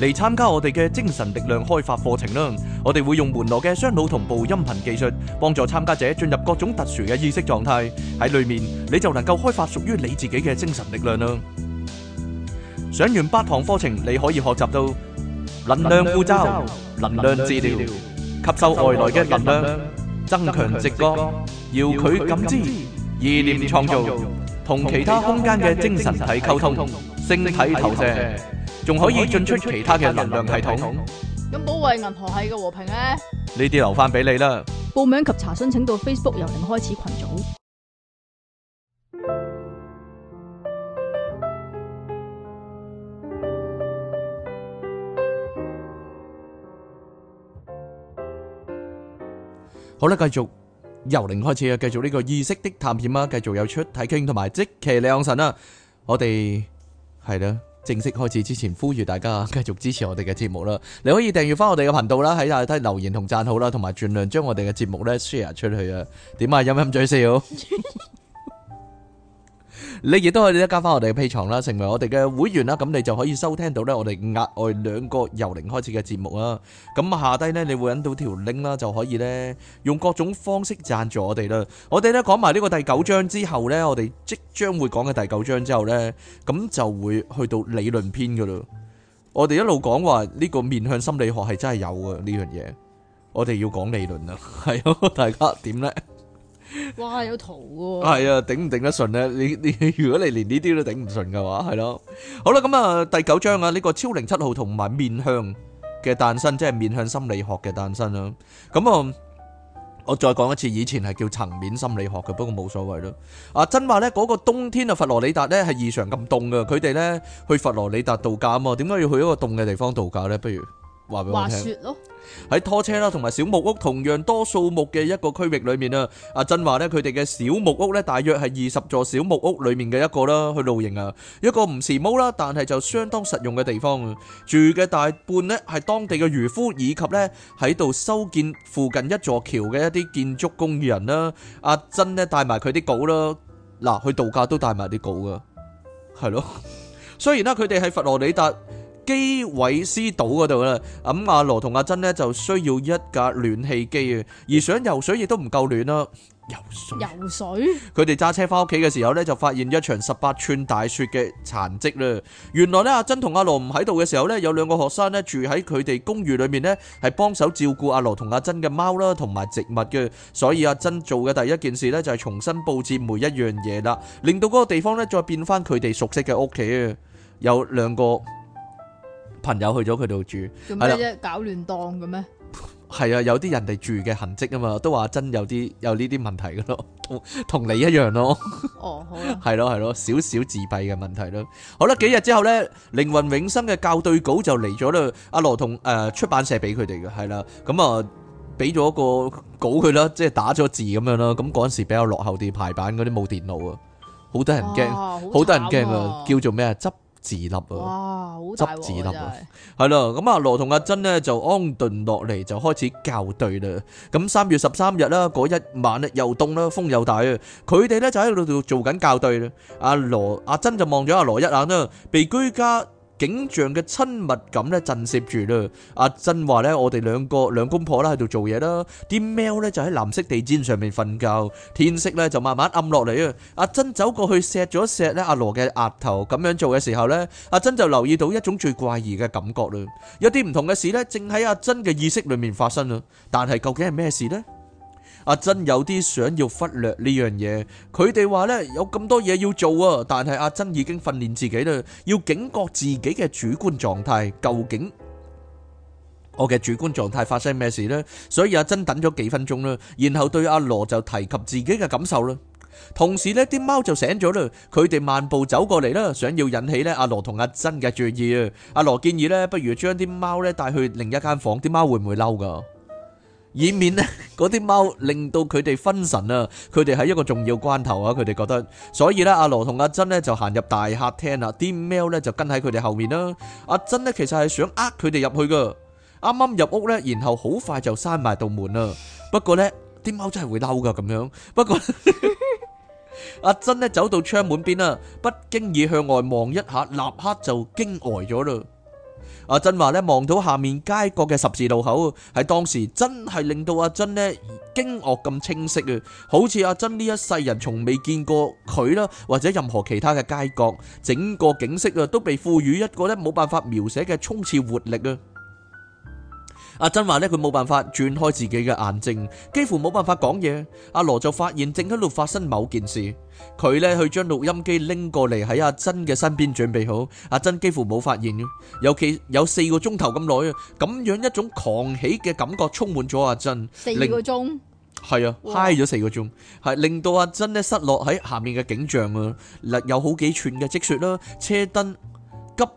嚟參加我哋嘅精神力量開發課程啦！我哋會用門羅嘅雙腦同步音頻技術，幫助參加者進入各種特殊嘅意識狀態。喺裏面你就能夠開發屬於你自己嘅精神力量啦！上完八堂課程，你可以學習到能量呼吸、能量治療、吸收外來嘅能量、增強直覺、遙距感知、意念創造、同其他空間嘅精神體溝通、星體投射。仲可以進出其他嘅能量系統。咁保衛銀河系嘅和平咧？呢啲留翻俾你啦。報名及查詢請到 Facebook 由零開始群組。好啦，繼續由零開始啊！繼續呢個意識的探險啊！繼續有出體傾同埋即期李養神啊！我哋係啦。正式開始之前，呼籲大家繼續支持我哋嘅節目啦！你可以訂閱返我哋嘅頻道啦，喺下低留言同讚好啦，同埋盡量將我哋嘅節目咧 share 出去啊！點啊，飲飲嘴笑。 你亦都可以加翻我哋嘅 Patreon 啦，成為我哋嘅會員啦，咁你就可以收聽到咧，我哋額外兩個由零開始嘅節目啦。咁下低咧，你會搵到條 link 啦，就可以咧用各種方式贊助我哋啦。我哋咧講埋呢個第九章之後咧，我哋即將會講嘅第九章之後咧，咁就會去到理論篇噶啦。我哋一路講話呢個面向心理學係真係有嘅呢樣嘢，我哋要講理論啦，係咯，大家點咧？哇，有圖喎！係啊，頂唔頂得順咧？你你如果你連呢啲都頂唔順嘅話，係咯。好啦，咁啊，第九章啊，呢個超靈七號同埋面向嘅誕生，即係面向心理學嘅誕生啊。咁啊，我再講一次，以前係叫層面心理學嘅，不過冇所謂咯。阿珍話咧，嗰個冬天啊，佛羅里達咧係異常咁凍嘅，佢哋咧去佛羅里達度假啊嘛，點解要去一個凍嘅地方度假咧？不如。話說咯，喺拖車啦，同埋小木屋，同樣多數目嘅一個區域裏面啊。阿珍話咧，佢哋嘅小木屋咧，大約係二十座小木屋裏面嘅一個啦。去露營啊，一個唔時髦啦，但係就相當實用嘅地方啊。住嘅大半咧係當地嘅漁夫，以及咧喺度修建附近一座橋嘅一啲建築工人啦。阿珍咧帶埋佢啲稿啦，嗱去度假都帶埋啲稿噶，係咯。雖然啦，佢哋喺佛羅里達。基韋斯島嗰度啦，咁阿羅同阿珍呢就需要一架暖氣機啊，而想游水亦都唔夠暖啦。游水，游水。佢哋揸車翻屋企嘅時候呢，就發現一場十八寸大雪嘅殘迹啦。原來呢，阿珍同阿羅唔喺度嘅時候呢，有兩個學生呢住喺佢哋公寓裏面呢，係幫手照顧阿羅同阿珍嘅貓啦，同埋植物嘅。所以阿珍做嘅第一件事呢，就係重新佈置每一樣嘢啦，令到嗰個地方呢，再變翻佢哋熟悉嘅屋企啊。有兩個。朋友去咗佢度住，咁啫的搞亂檔嘅咩？係啊，有啲人哋住嘅痕跡啊嘛，都話真有啲有呢啲問題嘅咯，同你一樣咯。哦，係咯、啊，係咯，少少自閉嘅問題咯。好啦，幾日之後咧，靈魂永生嘅校對稿就嚟咗啦。阿羅同誒出版社俾佢哋嘅，係啦，咁啊俾咗個稿佢啦，即係打咗字咁樣啦。咁嗰陣時比較落後啲排版嗰啲冇電腦啊，好得人驚，好得人驚啊！叫做咩啊？執。字粒啊，執哇字粒啊，係咯是，咁阿羅同阿珍呢，就安頓落嚟，就開始校對啦。咁三月十三日啦，嗰一晚咧又凍啦，風又大啊，佢哋咧就喺度做緊校對啦。阿羅阿珍就望咗阿羅一眼啦，被居家景象嘅親密感咧，震懾住啦。阿珍話咧，我哋兩個兩公婆啦喺度做嘢啦，啲貓咧就喺藍色地氈上面瞓覺。天色咧就慢慢暗落嚟啊。阿珍走過去錫咗錫咧阿羅嘅額頭，咁樣做嘅時候咧，阿珍就留意到一種最怪異嘅感覺啦。有啲唔同嘅事咧，正喺阿珍嘅意識裏面發生啦。但係究竟係咩事呢？阿珍有啲想要忽略呢樣嘢，佢哋話呢有咁多嘢要做啊，但係阿珍已經訓練自己啦，要警覺自己嘅主觀狀態，究竟我嘅主觀狀態發生咩事呢？所以阿珍等咗幾分鐘啦，然後對阿羅就提及自己嘅感受啦。同時呢，啲貓就醒咗啦，佢哋慢步走過嚟啦，想要引起呢阿羅同阿珍嘅注意啊。阿羅建議呢，不如將啲貓呢帶去另一間房，啲貓會唔會嬲㗎？以免咧嗰啲貓令到佢哋分神啊！佢哋喺一個重要關頭啊！佢哋覺得，所以咧阿羅同阿珍咧就行入大客廳啦，啲貓咧就跟喺佢哋後面啦。阿珍咧其實係想呃佢哋入去噶啱啱入屋咧，然後好快就閂埋道門啦。不過咧啲貓真係會嬲噶咁樣。不過阿珍咧走到窗門邊啦，不經意向外望一下，立刻就驚呆咗啦。阿珍話咧望到下面街角嘅十字路口，喺當時真係令到阿珍咧驚愕咁清晰啊！好似阿珍呢一世人從未見過佢啦，或者任何其他嘅街角，整個景色啊都被賦予一個咧冇辦法描寫嘅衝刺活力啊！阿珍話咧，佢冇辦法轉開自己嘅眼睛，幾乎冇辦法講嘢。阿羅就發現正喺度發生某件事，佢咧去將錄音機拎過嚟喺阿珍嘅身邊準備好。阿珍幾乎冇發現，尤其有四個鐘頭咁耐啊，咁樣一種狂喜嘅感覺充滿咗阿珍。四個鐘？係啊哇嗨咗四個鐘，係令到阿珍咧失落喺下面嘅景象啊，嗱有好幾寸嘅積雪啦，車燈。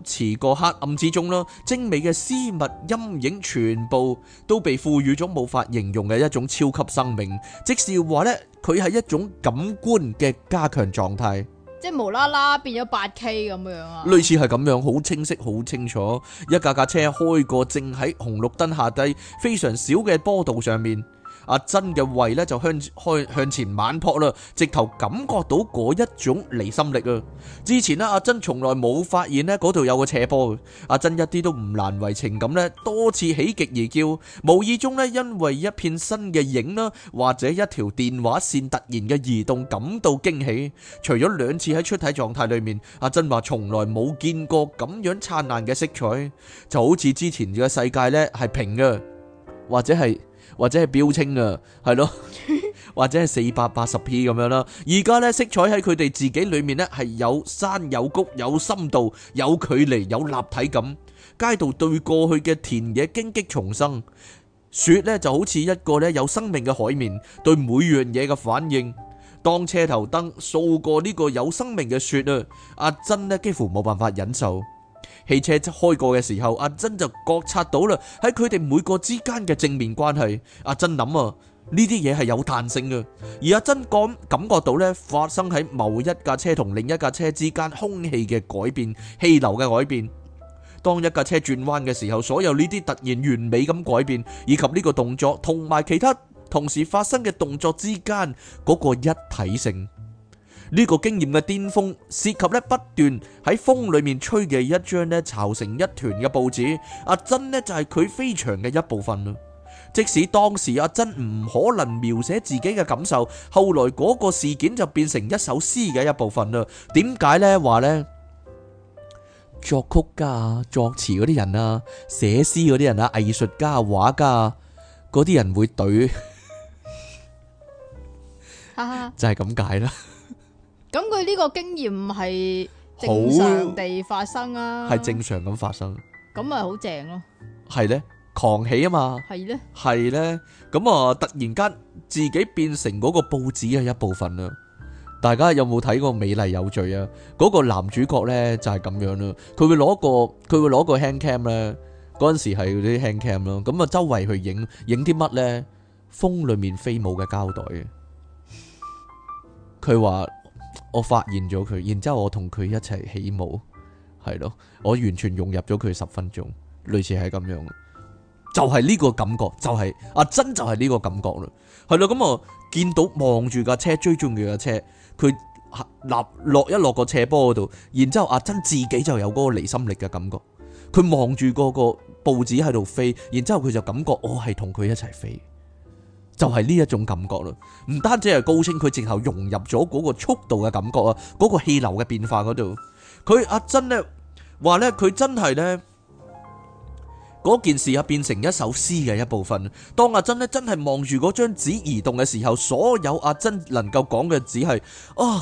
急馳過黑暗之中啦，精美嘅絲密陰影全部都被賦予咗無法形容嘅一種超級生命。即是話呢，佢係一種感官嘅加強狀態，即係無啦啦變咗八 K 咁樣啊，類似係咁樣，好清晰，好清楚，一架架車開過，正喺紅綠燈下低，非常少嘅波道上面。阿珍嘅胃咧就向開向前猛撲啦，直頭感覺到嗰一種離心力啊！之前咧，阿珍從來冇發現咧嗰度有個斜坡嘅。阿珍一啲都唔難為情咁咧，多次喜極而叫，無意中咧因為一片新嘅影啦，或者一條電話線突然嘅移動感到驚喜。除咗兩次喺出體狀態裏面，阿珍話從來冇見過咁樣燦爛嘅色彩，就好似之前嘅世界咧係平嘅，或者係，或者係標清啊，係咯，或者係四百八十 P 咁樣啦。而家呢，色彩喺佢哋自己裏面呢，係有山有谷，有深度有距離，有立體感。街道對過去嘅田野荊棘叢生，雪呢，就好似一個呢有生命嘅海面，對每樣嘢嘅反應。當車頭燈掃過呢個有生命嘅雪啊，阿珍呢幾乎冇辦法忍受。汽車開過嘅時候，阿珍就覺察到啦，喺佢哋每個之間嘅正面關係。阿珍諗啊，呢啲嘢係有彈性嘅。而阿珍感感覺到呢，發生喺某一架車同另一架車之間空氣嘅改變、氣流嘅改變。當一架車轉彎嘅時候，所有呢啲突然完美咁改變，以及呢個動作同埋其他同時發生嘅動作之間嗰個一體性。呢個經驗嘅巔峰涉及呢，不斷喺風裏面吹嘅一張呢巢成一團嘅報紙，阿珍呢，就係佢飛翔嘅一部分啦。即使當時阿珍唔可能描寫自己嘅感受，後來嗰個事件就變成一首詩嘅一部分啦。點解呢？話呢，作曲家、作詞嗰啲人啊，寫詩嗰啲人啊，藝術家、畫家嗰啲人會懟， 就係咁解啦。咁佢呢個經驗係正常地發生啊，係正常咁發生，咁咪好正咯啊。係咧，狂喜啊嘛，係咧，係咧。咁啊，突然間自己變成嗰個報紙嘅一部分啦。大家有冇睇過《美麗有罪》啊？嗰個男主角咧就係咁樣啦。佢會攞個佢會攞個 hand cam 咧，嗰陣時係嗰啲 hand cam 咯。咁啊，周圍去影影啲乜咧？風裏面飛舞嘅膠袋啊。佢話。我發現咗佢，然之後我同佢一齊起舞，係咯，我完全融入咗佢十分鐘，類似係咁樣，就係呢個感覺，就係阿珍，就係呢個感覺咯，係咯，咁我見到望住架車追蹤佢架車，佢立落一落個斜坡嗰度，然之後阿珍自己就有嗰個離心力嘅感覺，佢望住個個報紙喺度飛，然之後佢就感覺我係同佢一齊飛。就係呢一種感覺咯，唔單止係高清，佢淨係融入咗嗰個速度嘅感覺啊，嗰個氣流嘅變化嗰度，佢阿珍呢話呢，佢真係呢嗰件事啊變成一首詩嘅一部分。當阿珍呢真係望住嗰張紙移動嘅時候，所有阿珍能夠講嘅只係啊。哦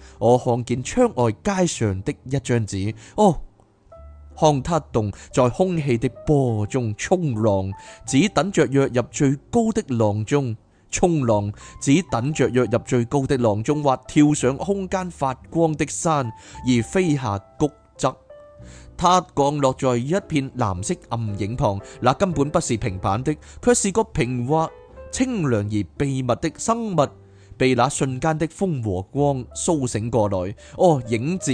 我看見窗外街上的一張紙，哦，看它動在空氣的波中衝浪，只等着躍入最高的浪中；衝浪，只等着躍入最高的浪中或跳上空間發光的山而飛下谷側。它降落在一片藍色暗影旁，那根本不是平板的，卻是個平滑、清涼而秘密的生物。被那瞬間的風和光蘇醒過來，哦影子，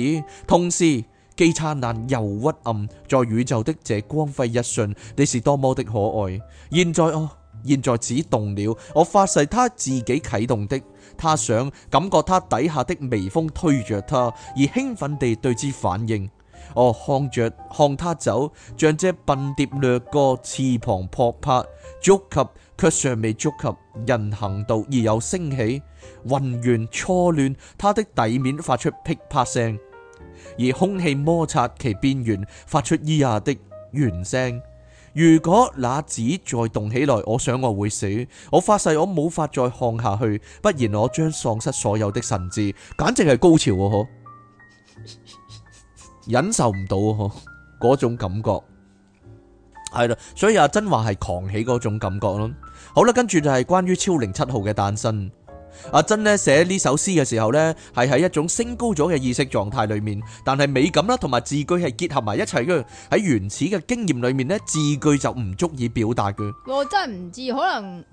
同時既燦爛又屈暗，在宇宙的這光輝一瞬，你是多麼的可愛。現在哦，現在此動了，我發誓他自己啟動的，他想感覺他底下的微風推着他，而興奮地對之反應。哦，看着看他走，像隻笨蝶掠過翅膀撲拍，觸及。卻尚未觸及人行道而有升起，渾圓錯亂，它的底面發出噼啪聲，而空氣摩擦其邊緣發出咿呀的原聲。如果那紙再動起來，我想我會死。我發誓我冇法再看下去，不然我將喪失所有的神智，簡直係高潮啊！呵，忍受唔到啊！呵，嗰種感覺係啦，所以阿珍話係狂喜嗰種感覺咯。好啦，跟住就係關於超靈七號嘅誕生。阿珍呢寫呢首詩嘅時候呢，係喺一種升高咗嘅意識狀態裏面，但係美感啦同埋字句係結合埋一齊嘅。喺原始嘅經驗裏面呢，字句就唔足以表達嘅。我真係唔知，可能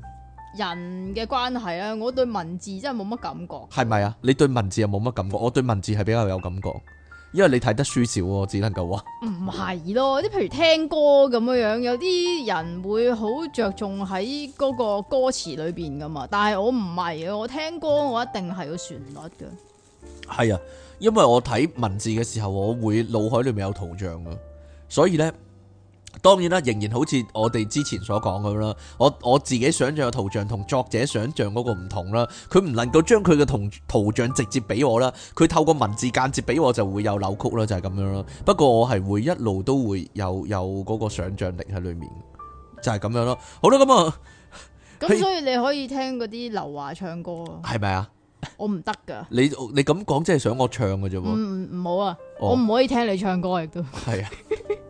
人嘅關係呀。我對文字真係冇乜感覺。係咪啊？你對文字又冇乜感覺？我對文字係比較有感覺。因為你睇得書少喎，我只能夠話唔係咯。即譬如聽歌咁樣樣，有啲人會好着重喺嗰個歌詞裏邊噶嘛。但係我唔係嘅，我聽歌我一定係個旋律嘅。係啊，因為我睇文字嘅時候，我會腦海裏面有圖像啊，所以咧。當然啦，仍然好似我哋之前所講咁啦。我我自己想像嘅圖像同作者想像嗰個唔同啦。佢唔能夠將佢嘅同圖像直接俾我啦，佢透過文字間接俾我就會有扭曲啦，就係、是、咁樣咯。不過我係會一路都會有有嗰個想像力喺裡面，就係、是、咁樣咯。好啦，咁啊，咁所以你可以聽嗰啲劉華唱歌啊，係咪啊？我唔得噶。你你咁講即係想我唱嘅啫喎。唔、嗯、好啊，哦、我唔可以聽你唱歌亦都啊。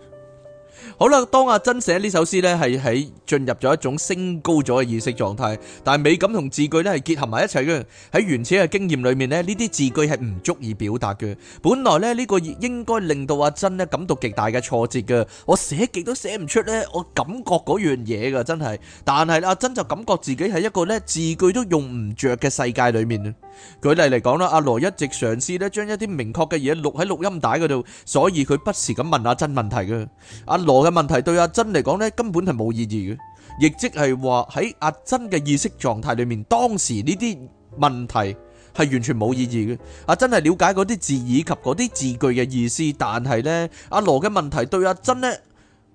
好啦，當阿珍寫呢首詩咧，係喺進入咗一種升高咗嘅意識狀態，但係美感同字句咧係結合埋一齊嘅。喺原始嘅經驗裏面咧，呢啲字句係唔足以表達嘅。本來咧呢個應該令到阿珍咧感到極大嘅挫折嘅，我寫極都寫唔出咧，我感覺嗰樣嘢噶，真係。但係阿珍就感覺自己喺一個咧字句都用唔着嘅世界裏面。舉例嚟講啦，阿羅一直嘗試咧將一啲明確嘅嘢錄喺錄音帶嗰度，所以佢不時咁問阿珍問題嘅。阿羅。嘅問題對阿珍嚟講呢，根本係冇意義嘅，亦即係話喺阿珍嘅意識狀態裏面，當時呢啲問題係完全冇意義嘅。阿珍係了解嗰啲字以及嗰啲字句嘅意思，但係呢，阿羅嘅問題對阿珍呢，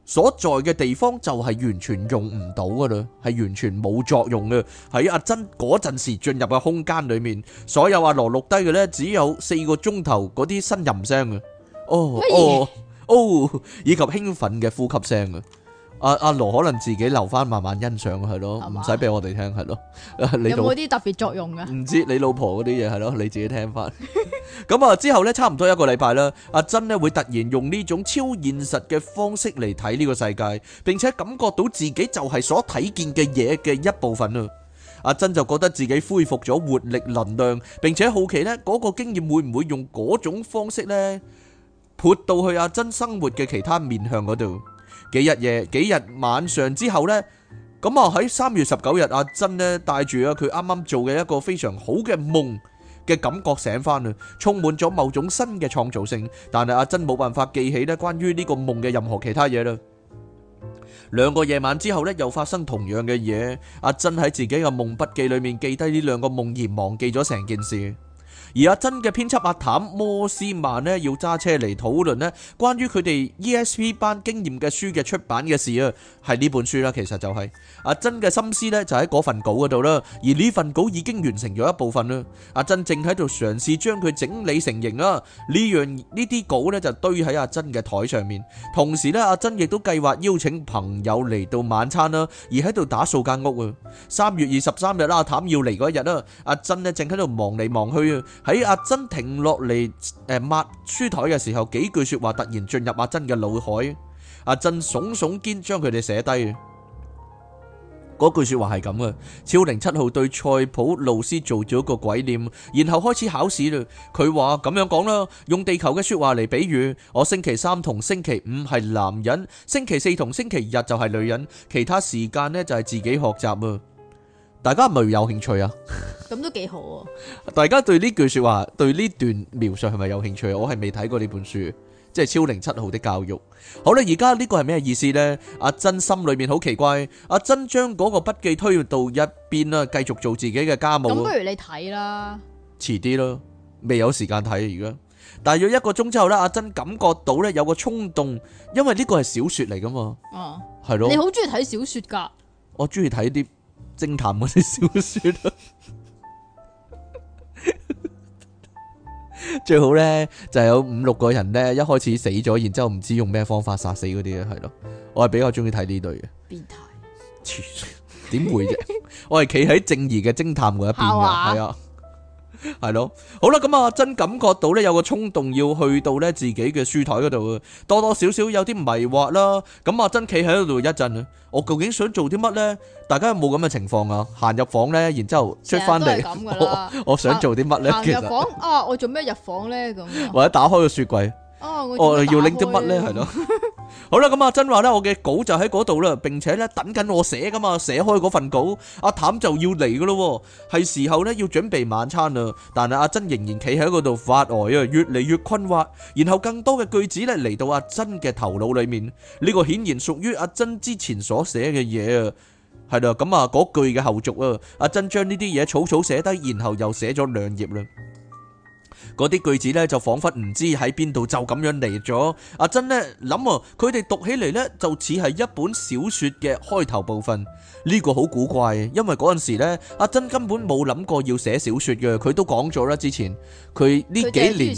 所在嘅地方就係完全用唔到噶啦，係完全冇作用嘅。喺阿珍嗰陣時進入嘅空間裏面，所有阿羅錄低嘅呢，只有四個鐘頭嗰啲呻吟聲啊！哦哦。哦，以及興奮嘅呼吸聲嘅，阿阿羅可能自己留翻慢慢欣賞係咯，唔使俾我哋聽係咯。有冇啲特別作用噶？唔知你老婆嗰啲嘢係咯，你自己聽翻。咁啊，之後咧差唔多一個禮拜啦，阿珍咧會突然用呢種超現實嘅方式嚟睇呢個世界，並且感覺到自己就係所睇見嘅嘢嘅一部分啊。阿珍就覺得自己恢復咗活力能量，並且好奇咧嗰個經驗會唔會用嗰種方式咧？撥到去阿珍生活嘅其他面向嗰度，幾日夜、幾日晚上之後咧，咁啊喺三月十九日阿珍咧帶住啊佢啱啱做嘅一個非常好嘅夢嘅感覺醒翻啦，充滿咗某種新嘅創造性，但係阿珍冇辦法記起咧關於呢個夢嘅任何其他嘢啦。兩個夜晚之後咧，又發生同樣嘅嘢，阿珍喺自己嘅夢筆記裏面記低呢兩個夢而忘記咗成件事。而阿珍嘅編輯阿譚摩斯曼呢，要揸車嚟討論呢關於佢哋 ESP 班經驗嘅書嘅出版嘅事啊！係呢本書啦，其實就係阿珍嘅心思咧，就喺嗰份稿嗰度啦。而呢份稿已經完成咗一部分啦，阿珍正喺度嘗試將佢整理成形啊。呢樣呢啲稿咧就堆喺阿珍嘅台上面。同時咧，阿珍亦都計劃邀請朋友嚟到晚餐啦。而喺度打掃間屋。三月二十三日啦，阿譚要嚟嗰一日啦，阿珍咧正喺度忙嚟忙去。喺阿珍停落嚟誒抹書台嘅時候，幾句說話突然進入阿珍嘅腦海。阿震聳聳肩，將佢哋寫低嘅嗰句說話係咁嘅。超靈七號對賽普老師做咗個鬼臉，然後開始考試啦。佢話咁樣講啦，用地球嘅說話嚟比喻，我星期三同星期五係男人，星期四同星期日就係女人，其他時間呢就係自己學習啊。大家係咪有興趣啊？咁都幾好。大家對呢句說話，對呢段描述係咪有興趣？我係未睇過呢本書。即係超靈七號的教育，好啦，而家呢個係咩意思呢？阿珍心裏面好奇怪，阿珍將嗰個筆記推到一邊啦，繼續做自己嘅家務。咁不如你睇啦，遲啲咯，未有時間睇而家。大約一個鐘之後呢阿珍感覺到呢有個衝動，因為呢個係小說嚟噶嘛，哦，係咯，你好中意睇小說噶，我中意睇啲偵探嗰啲小說 最好呢就係有五六個人呢，一開始死咗，然之後唔知用咩方法殺死嗰啲嘅。係咯，我係比較中意睇呢對嘅。變態，點會啫？我係企喺正義嘅偵探嗰一邊嘅，係啊哈。係咯，好啦，咁啊珍感覺到咧有個衝動要去到咧自己嘅書台嗰度，多多少少有啲迷惑啦。咁啊珍企喺度一陣，我究竟想做啲乜咧？大家有冇咁嘅情況我啊？行入房咧，然之後出翻嚟，我想做啲乜咧？入房？其實啊，我做咩入房咧？咁或者打開個雪櫃。哦，噢要拎啲乜呢？係咯， 好啦，咁阿珍話呢，我嘅稿就喺嗰度啦，並且呢，等緊我寫噶嘛，寫開嗰份稿，阿譚就要嚟噶咯，係時候呢，要準備晚餐啦。但係阿珍仍然企喺嗰度發呆、呃、啊，越嚟越困惑。然後更多嘅句子呢，嚟到阿珍嘅頭腦裏面，呢、這個顯然屬於阿珍之前所寫嘅嘢啊，係啦，咁啊嗰句嘅後續啊，阿珍將呢啲嘢草草寫低，然後又寫咗兩頁啦。嗰啲句子咧就彷彿唔知喺邊度就咁樣嚟咗。阿珍咧諗，佢哋讀起嚟咧就似係一本小説嘅開頭部分。呢個好古怪，因為嗰陣時咧，阿珍根本冇諗過要寫小説嘅。佢都講咗啦，之前佢呢幾年，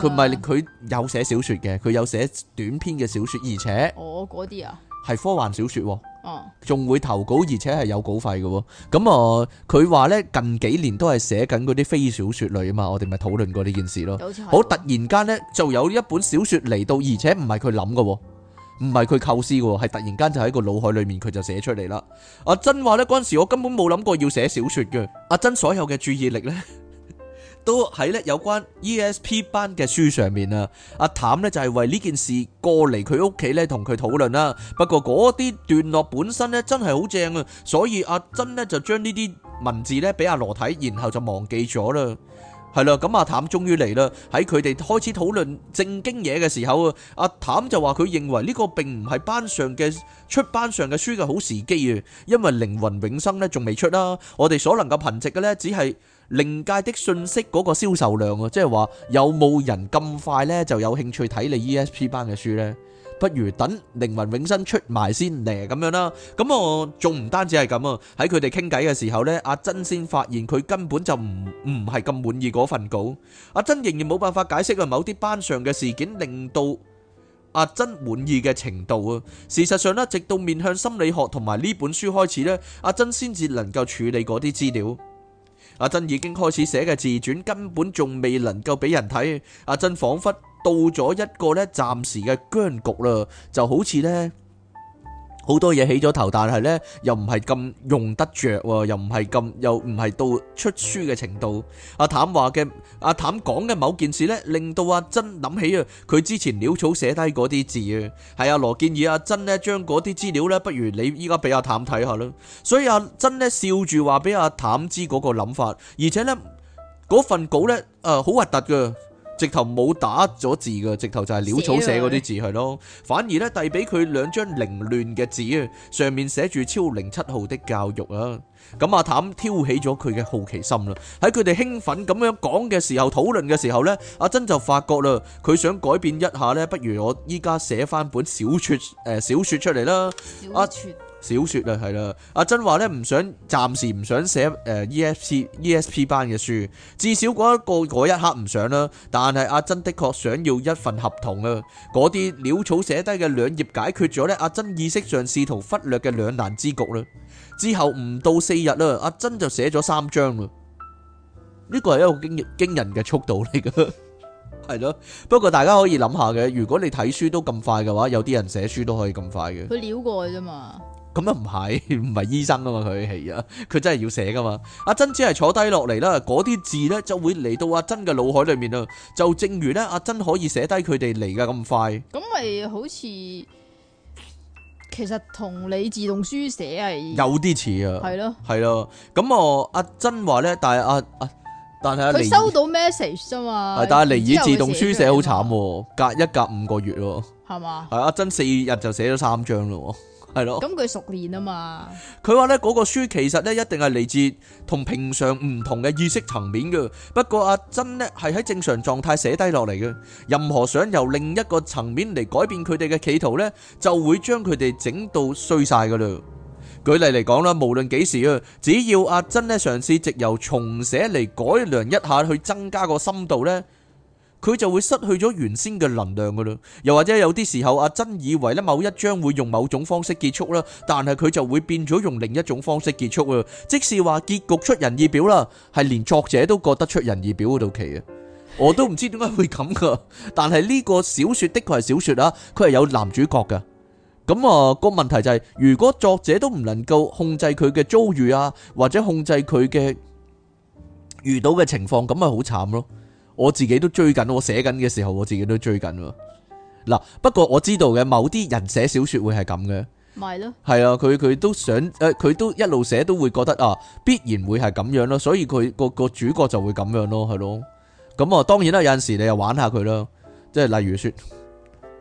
佢唔係佢有寫小説嘅，佢有寫短篇嘅小説，而且，我，嗰啲啊。係科幻小説喎，哦，仲會投稿，而且係有稿費嘅喎。咁啊，佢話呢，近幾年都係寫緊嗰啲非小説類啊嘛，我哋咪討論過呢件事咯。好突然間呢，就有一本小説嚟到，而且唔係佢諗嘅，唔係佢構思嘅，係突然間就喺個腦海裏面佢就寫出嚟啦。阿珍話呢，嗰陣時我根本冇諗過要寫小説嘅。阿珍所有嘅注意力呢。 都喺咧有關 E.S.P 班嘅書上面啊，阿譚呢就係為呢件事過嚟佢屋企呢，同佢討論啦。不過嗰啲段落本身呢，真係好正啊，所以阿珍呢，就將呢啲文字呢俾阿羅睇，然後就忘記咗啦。係啦，咁阿譚終於嚟啦。喺佢哋開始討論正經嘢嘅時候啊，阿譚就話佢認為呢個並唔係班上嘅出班上嘅書嘅好時機啊，因為靈魂永生呢，仲未出啦。我哋所能夠憑藉嘅呢，只係。靈界的信息嗰個銷售量啊，即係話有冇人咁快呢就有興趣睇你 ESP 班嘅書呢？不如等靈魂永生出埋先咧咁、嗯嗯、樣啦。咁我仲唔單止係咁啊，喺佢哋傾偈嘅時候呢，阿珍先發現佢根本就唔唔係咁滿意嗰份稿。阿珍仍然冇辦法解釋啊，某啲班上嘅事件令到阿珍滿意嘅程度啊。事實上呢，直到面向心理學同埋呢本書開始呢，阿珍先至能夠處理嗰啲資料。阿珍已經開始寫嘅自傳根本仲未能夠俾人睇，阿珍彷彿到咗一個咧暫時嘅僵局啦，就好似咧。好多嘢起咗頭，但係咧又唔係咁用得著喎，又唔係咁又唔係到出書嘅程度。阿譚話嘅阿譚講嘅某件事咧，令到阿珍諗起啊，佢之前潦草寫低嗰啲字啊，係啊羅建議阿珍咧將嗰啲資料咧，不如你依家俾阿譚睇下啦。所以阿珍咧笑住話俾阿譚知嗰個諗法，而且咧嗰份稿咧，誒好核突噶。直頭冇打咗字噶，直頭就係潦草寫嗰啲字係咯了，反而咧遞俾佢兩張凌亂嘅字，啊，上面寫住超靈七號的教育啊，咁阿譚挑起咗佢嘅好奇心啦。喺佢哋興奮咁樣講嘅時候，討論嘅時候呢，阿、啊、珍就發覺啦，佢想改變一下呢，不如我依家寫翻本小說誒、呃、小說出嚟啦，阿卓小說啦，係啦。阿珍話咧，唔想暫時唔想寫誒 E S P E S P 班嘅書，至少嗰一個嗰一刻唔想啦。但係阿珍的確想要一份合同啊。嗰啲潦草寫低嘅兩頁解決咗咧，阿珍意識上試圖忽略嘅兩難之局啦。之後唔到四日啦，阿珍就寫咗三章啦。呢個係一個驚驚人嘅速度嚟嘅，係咯。不過大家可以諗下嘅，如果你睇書都咁快嘅話，有啲人寫書都可以咁快嘅。佢潦過啫嘛。咁啊，唔係唔係醫生啊嘛，佢係啊，佢真係要寫噶嘛。阿珍只係坐低落嚟，啦嗰啲字咧就會嚟到阿珍嘅腦海裏面啊。就正如咧，阿珍可以寫低佢哋嚟噶咁快。咁咪好似其實同你自動書寫係有啲似的、嗯、啊。係咯，係咯。咁我阿珍話咧，但係阿阿但係阿，佢收到 message 啫嘛。但係尼爾自動書寫好慘，隔一隔五個月咯、啊。係嘛的？係、啊、阿珍四日就寫咗三張咯。係咯，咁佢熟練啊嘛。佢話呢嗰個書其實咧一定係嚟自同平常唔同嘅意識層面噶。不過阿珍咧係喺正常狀態寫低落嚟嘅。任何想由另一個層面嚟改變佢哋嘅企圖呢，就會將佢哋整到衰晒噶啦。舉例嚟講啦，無論幾時啊，只要阿珍呢嘗試藉由重寫嚟改良一下，去增加個深度呢。佢就會失去咗原先嘅能量噶啦，又或者有啲時候阿珍以為咧某一章會用某種方式結束啦，但係佢就會變咗用另一種方式結束啊！即使話結局出人意表啦，係連作者都覺得出人意表嗰度奇，啊，我都唔知點解會咁噶。但係呢個小說的確係小說啊，佢係有男主角噶。咁啊個問題就係，如果作者都唔能夠控制佢嘅遭遇啊，或者控制佢嘅遇到嘅情況，咁咪好慘咯。我自己都追緊，我寫緊嘅時候，我自己都追緊。嗱、啊，不過我知道嘅，某啲人寫小說會係咁嘅，咪咯，係啊，佢佢都想，誒、呃，佢都一路寫都會覺得啊，必然會係咁樣咯，所以佢個個主角就會咁樣咯，係咯。咁啊，當然啦，有陣時你又玩下佢咯，即係例如說，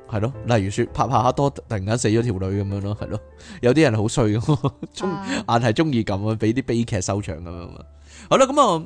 係咯，例如說，拍拍黑多突然間死咗條女咁樣咯，係咯，有啲人好衰，中硬係中意咁啊，俾啲悲劇收場咁樣、嗯、啊。好、嗯、啦，咁啊。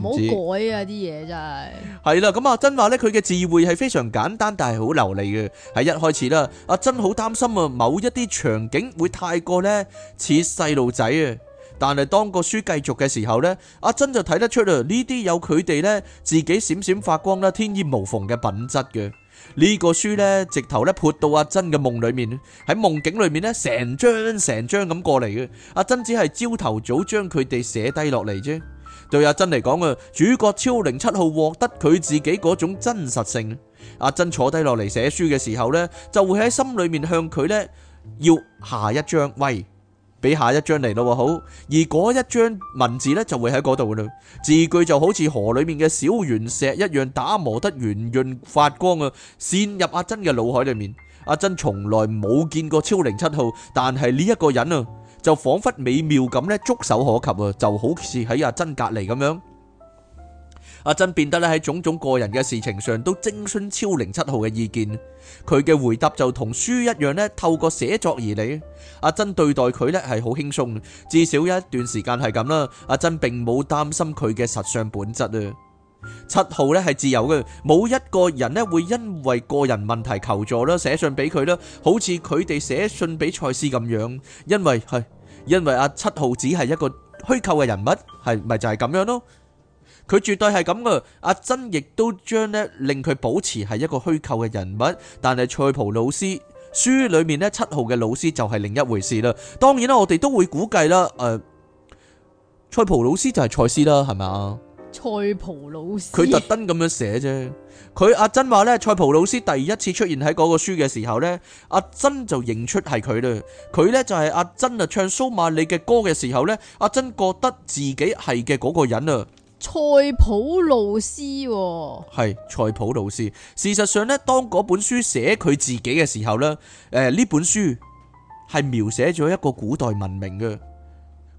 唔好改啊！啲嘢真係係啦，咁阿珍話咧，佢嘅智慧係非常簡單，但係好流利嘅。喺一開始啦，阿珍好擔心啊，某一啲場景會太過呢似細路仔啊。但係當個書繼續嘅時候呢，阿珍就睇得出啊，呢啲有佢哋呢自己閃閃發光啦，天衣無縫嘅品質嘅呢個書呢，直頭呢潑到阿珍嘅夢裏面，喺夢境裏面呢成張成張咁過嚟嘅。阿珍只係朝頭早將佢哋寫低落嚟啫。對阿珍嚟講啊，主角超靈七號獲得佢自己嗰種真實性。阿珍坐低落嚟寫書嘅時候呢，就會喺心裏面向佢呢，要下一章，喂，俾下一章嚟咯，好。而嗰一張文字呢，就會喺嗰度嘞。字句就好似河裏面嘅小圓石一樣，打磨得圓潤發光啊，滲入阿珍嘅腦海裏面。阿珍從來冇見過超靈七號，但係呢一個人啊。就仿佛美妙咁呢觸手可及啊！就好似喺阿珍隔籬咁樣，阿珍變得咧喺種種個人嘅事情上都徵詢超靈七號嘅意見。佢嘅回答就同書一樣呢，透過寫作而嚟。阿珍對待佢呢係好輕鬆，至少有一段時間係咁啦。阿珍並冇擔心佢嘅實相本質啊。七號咧係自由嘅，冇一個人咧會因為個人問題求助啦，寫信俾佢啦，好似佢哋寫信俾賽斯咁樣，因為係、哎、因為阿七號只係一個虛構嘅人物，係咪就係咁樣咯？佢絕對係咁嘅。阿珍亦都將咧令佢保持係一個虛構嘅人物，但係賽普老師書裏面咧七號嘅老師就係另一回事啦。當然啦，我哋都會估計啦。誒、呃，賽普老師就係賽斯啦，係咪啊？蔡普老師，佢特登咁樣寫啫。佢阿珍話呢，蔡普老師第一次出現喺嗰個書嘅時候呢，阿珍就認出係佢啦。佢呢就係阿珍啊，唱蘇馬里嘅歌嘅時候呢，阿珍覺得自己係嘅嗰個人啊。蔡普老師，係蔡普老師。事實上呢，當嗰本書寫佢自己嘅時候呢，誒、呃，呢本書係描寫咗一個古代文明嘅。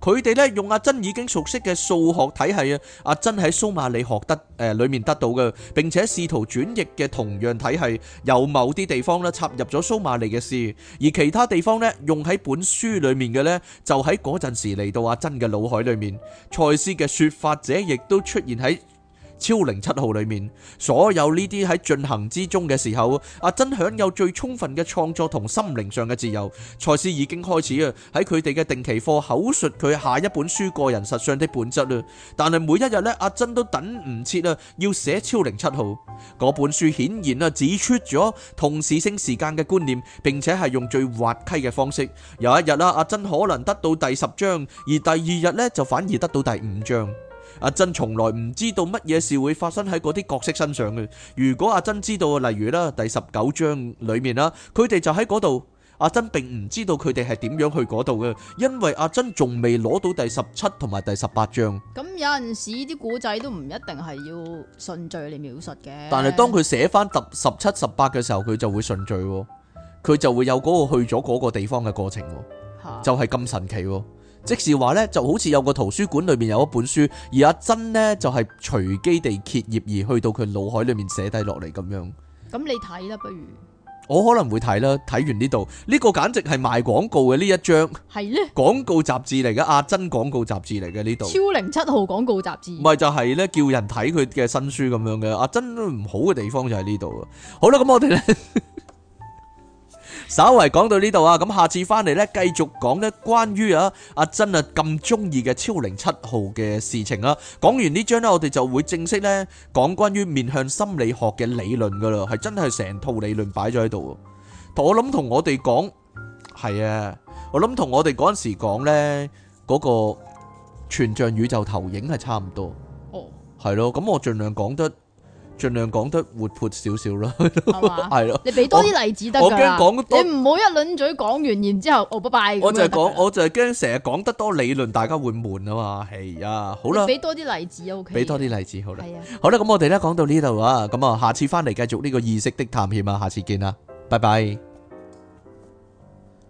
佢哋咧用阿珍已經熟悉嘅數學體系啊，阿珍喺蘇馬利學得誒裏、呃、面得到嘅，並且試圖轉譯嘅同樣體系，有某啲地方咧插入咗蘇馬利嘅詩，而其他地方咧用喺本書裡面嘅咧，就喺嗰陣時嚟到阿珍嘅腦海裡面，賽斯嘅説法者亦都出現喺。超靈七號裏面所有呢啲喺進行之中嘅時候，阿珍享有最充分嘅創作同心靈上嘅自由，賽斯已經開始啊！喺佢哋嘅定期課口述佢下一本書個人實相的本質啦。但係每一日咧，阿珍都等唔切啊，要寫超靈七號嗰本書，顯然啊指出咗同時性時間嘅觀念，並且係用最滑稽嘅方式。有一日啦，阿珍可能得到第十章，而第二日咧就反而得到第五章。阿珍從來唔知道乜嘢事會發生喺嗰啲角色身上嘅。如果阿珍知道，例如啦，第十九章裏面啦，佢哋就喺嗰度。阿珍並唔知道佢哋係點樣去嗰度嘅，因為阿珍仲未攞到第十七同埋第十八章。咁有陣時啲古仔都唔一定係要順序嚟描述嘅。但係當佢寫翻十七、十八嘅時候，佢就會順序，佢就會有嗰個去咗嗰個地方嘅過程，就係咁神奇。即是話呢，就好似有個圖書館裏面有一本書，而阿珍呢，就係隨機地揭頁而去到佢腦海裏面寫低落嚟咁樣。咁你睇啦，不如我可能會睇啦。睇完呢度，呢個簡直係賣廣告嘅呢一張，係呢廣告雜誌嚟嘅。阿珍廣告雜誌嚟嘅呢度，超靈七號廣告雜誌。唔係就係呢叫人睇佢嘅新書咁樣嘅。阿珍唔好嘅地方就喺呢度。好啦，咁我哋呢。 稍微講到呢度啊，咁下次翻嚟咧，繼續講咧關於啊阿珍啊咁中意嘅超靈七號嘅事情啦。講完呢張咧，我哋就會正式咧講關於面向心理學嘅理論噶啦，係真係成套理論擺咗喺度。同我諗同我哋講，係啊，我諗同我哋嗰陣時講咧嗰個全像宇宙投影係差唔多。哦，係咯，咁我盡量講得。盡量講得活潑少少啦，係咯 了，你俾多啲例子得噶，多你唔好一輪嘴講完，完，然之後哦拜拜。Bye bye, 我就係講，就我就係驚成日講得多理論，大家會悶啊嘛，係啊，好啦，俾多啲例子啊，O K，俾多啲例子好啦，係啊，好啦，咁呀我哋咧講到呢度啊，咁啊，下次翻嚟繼續呢、這個意識的探險啊，下次見啦，拜拜。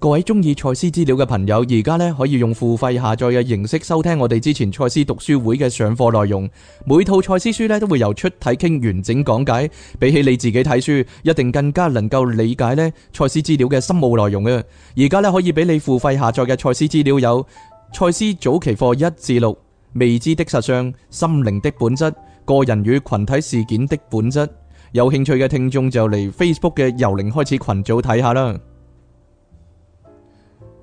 各位中意賽斯資料嘅朋友，而家咧可以用付費下載嘅形式收聽我哋之前賽斯讀書會嘅上課內容。每套賽斯書咧都會由出體傾完整講解，比起你自己睇書，一定更加能夠理解呢賽斯資料嘅深奧內容啊！而家咧可以俾你付費下載嘅賽斯資料有賽斯早期課一至六、未知的實相、心靈的本質、個人與群體事件的本質。有興趣嘅聽眾就嚟 Facebook 嘅由零開始群組睇下啦。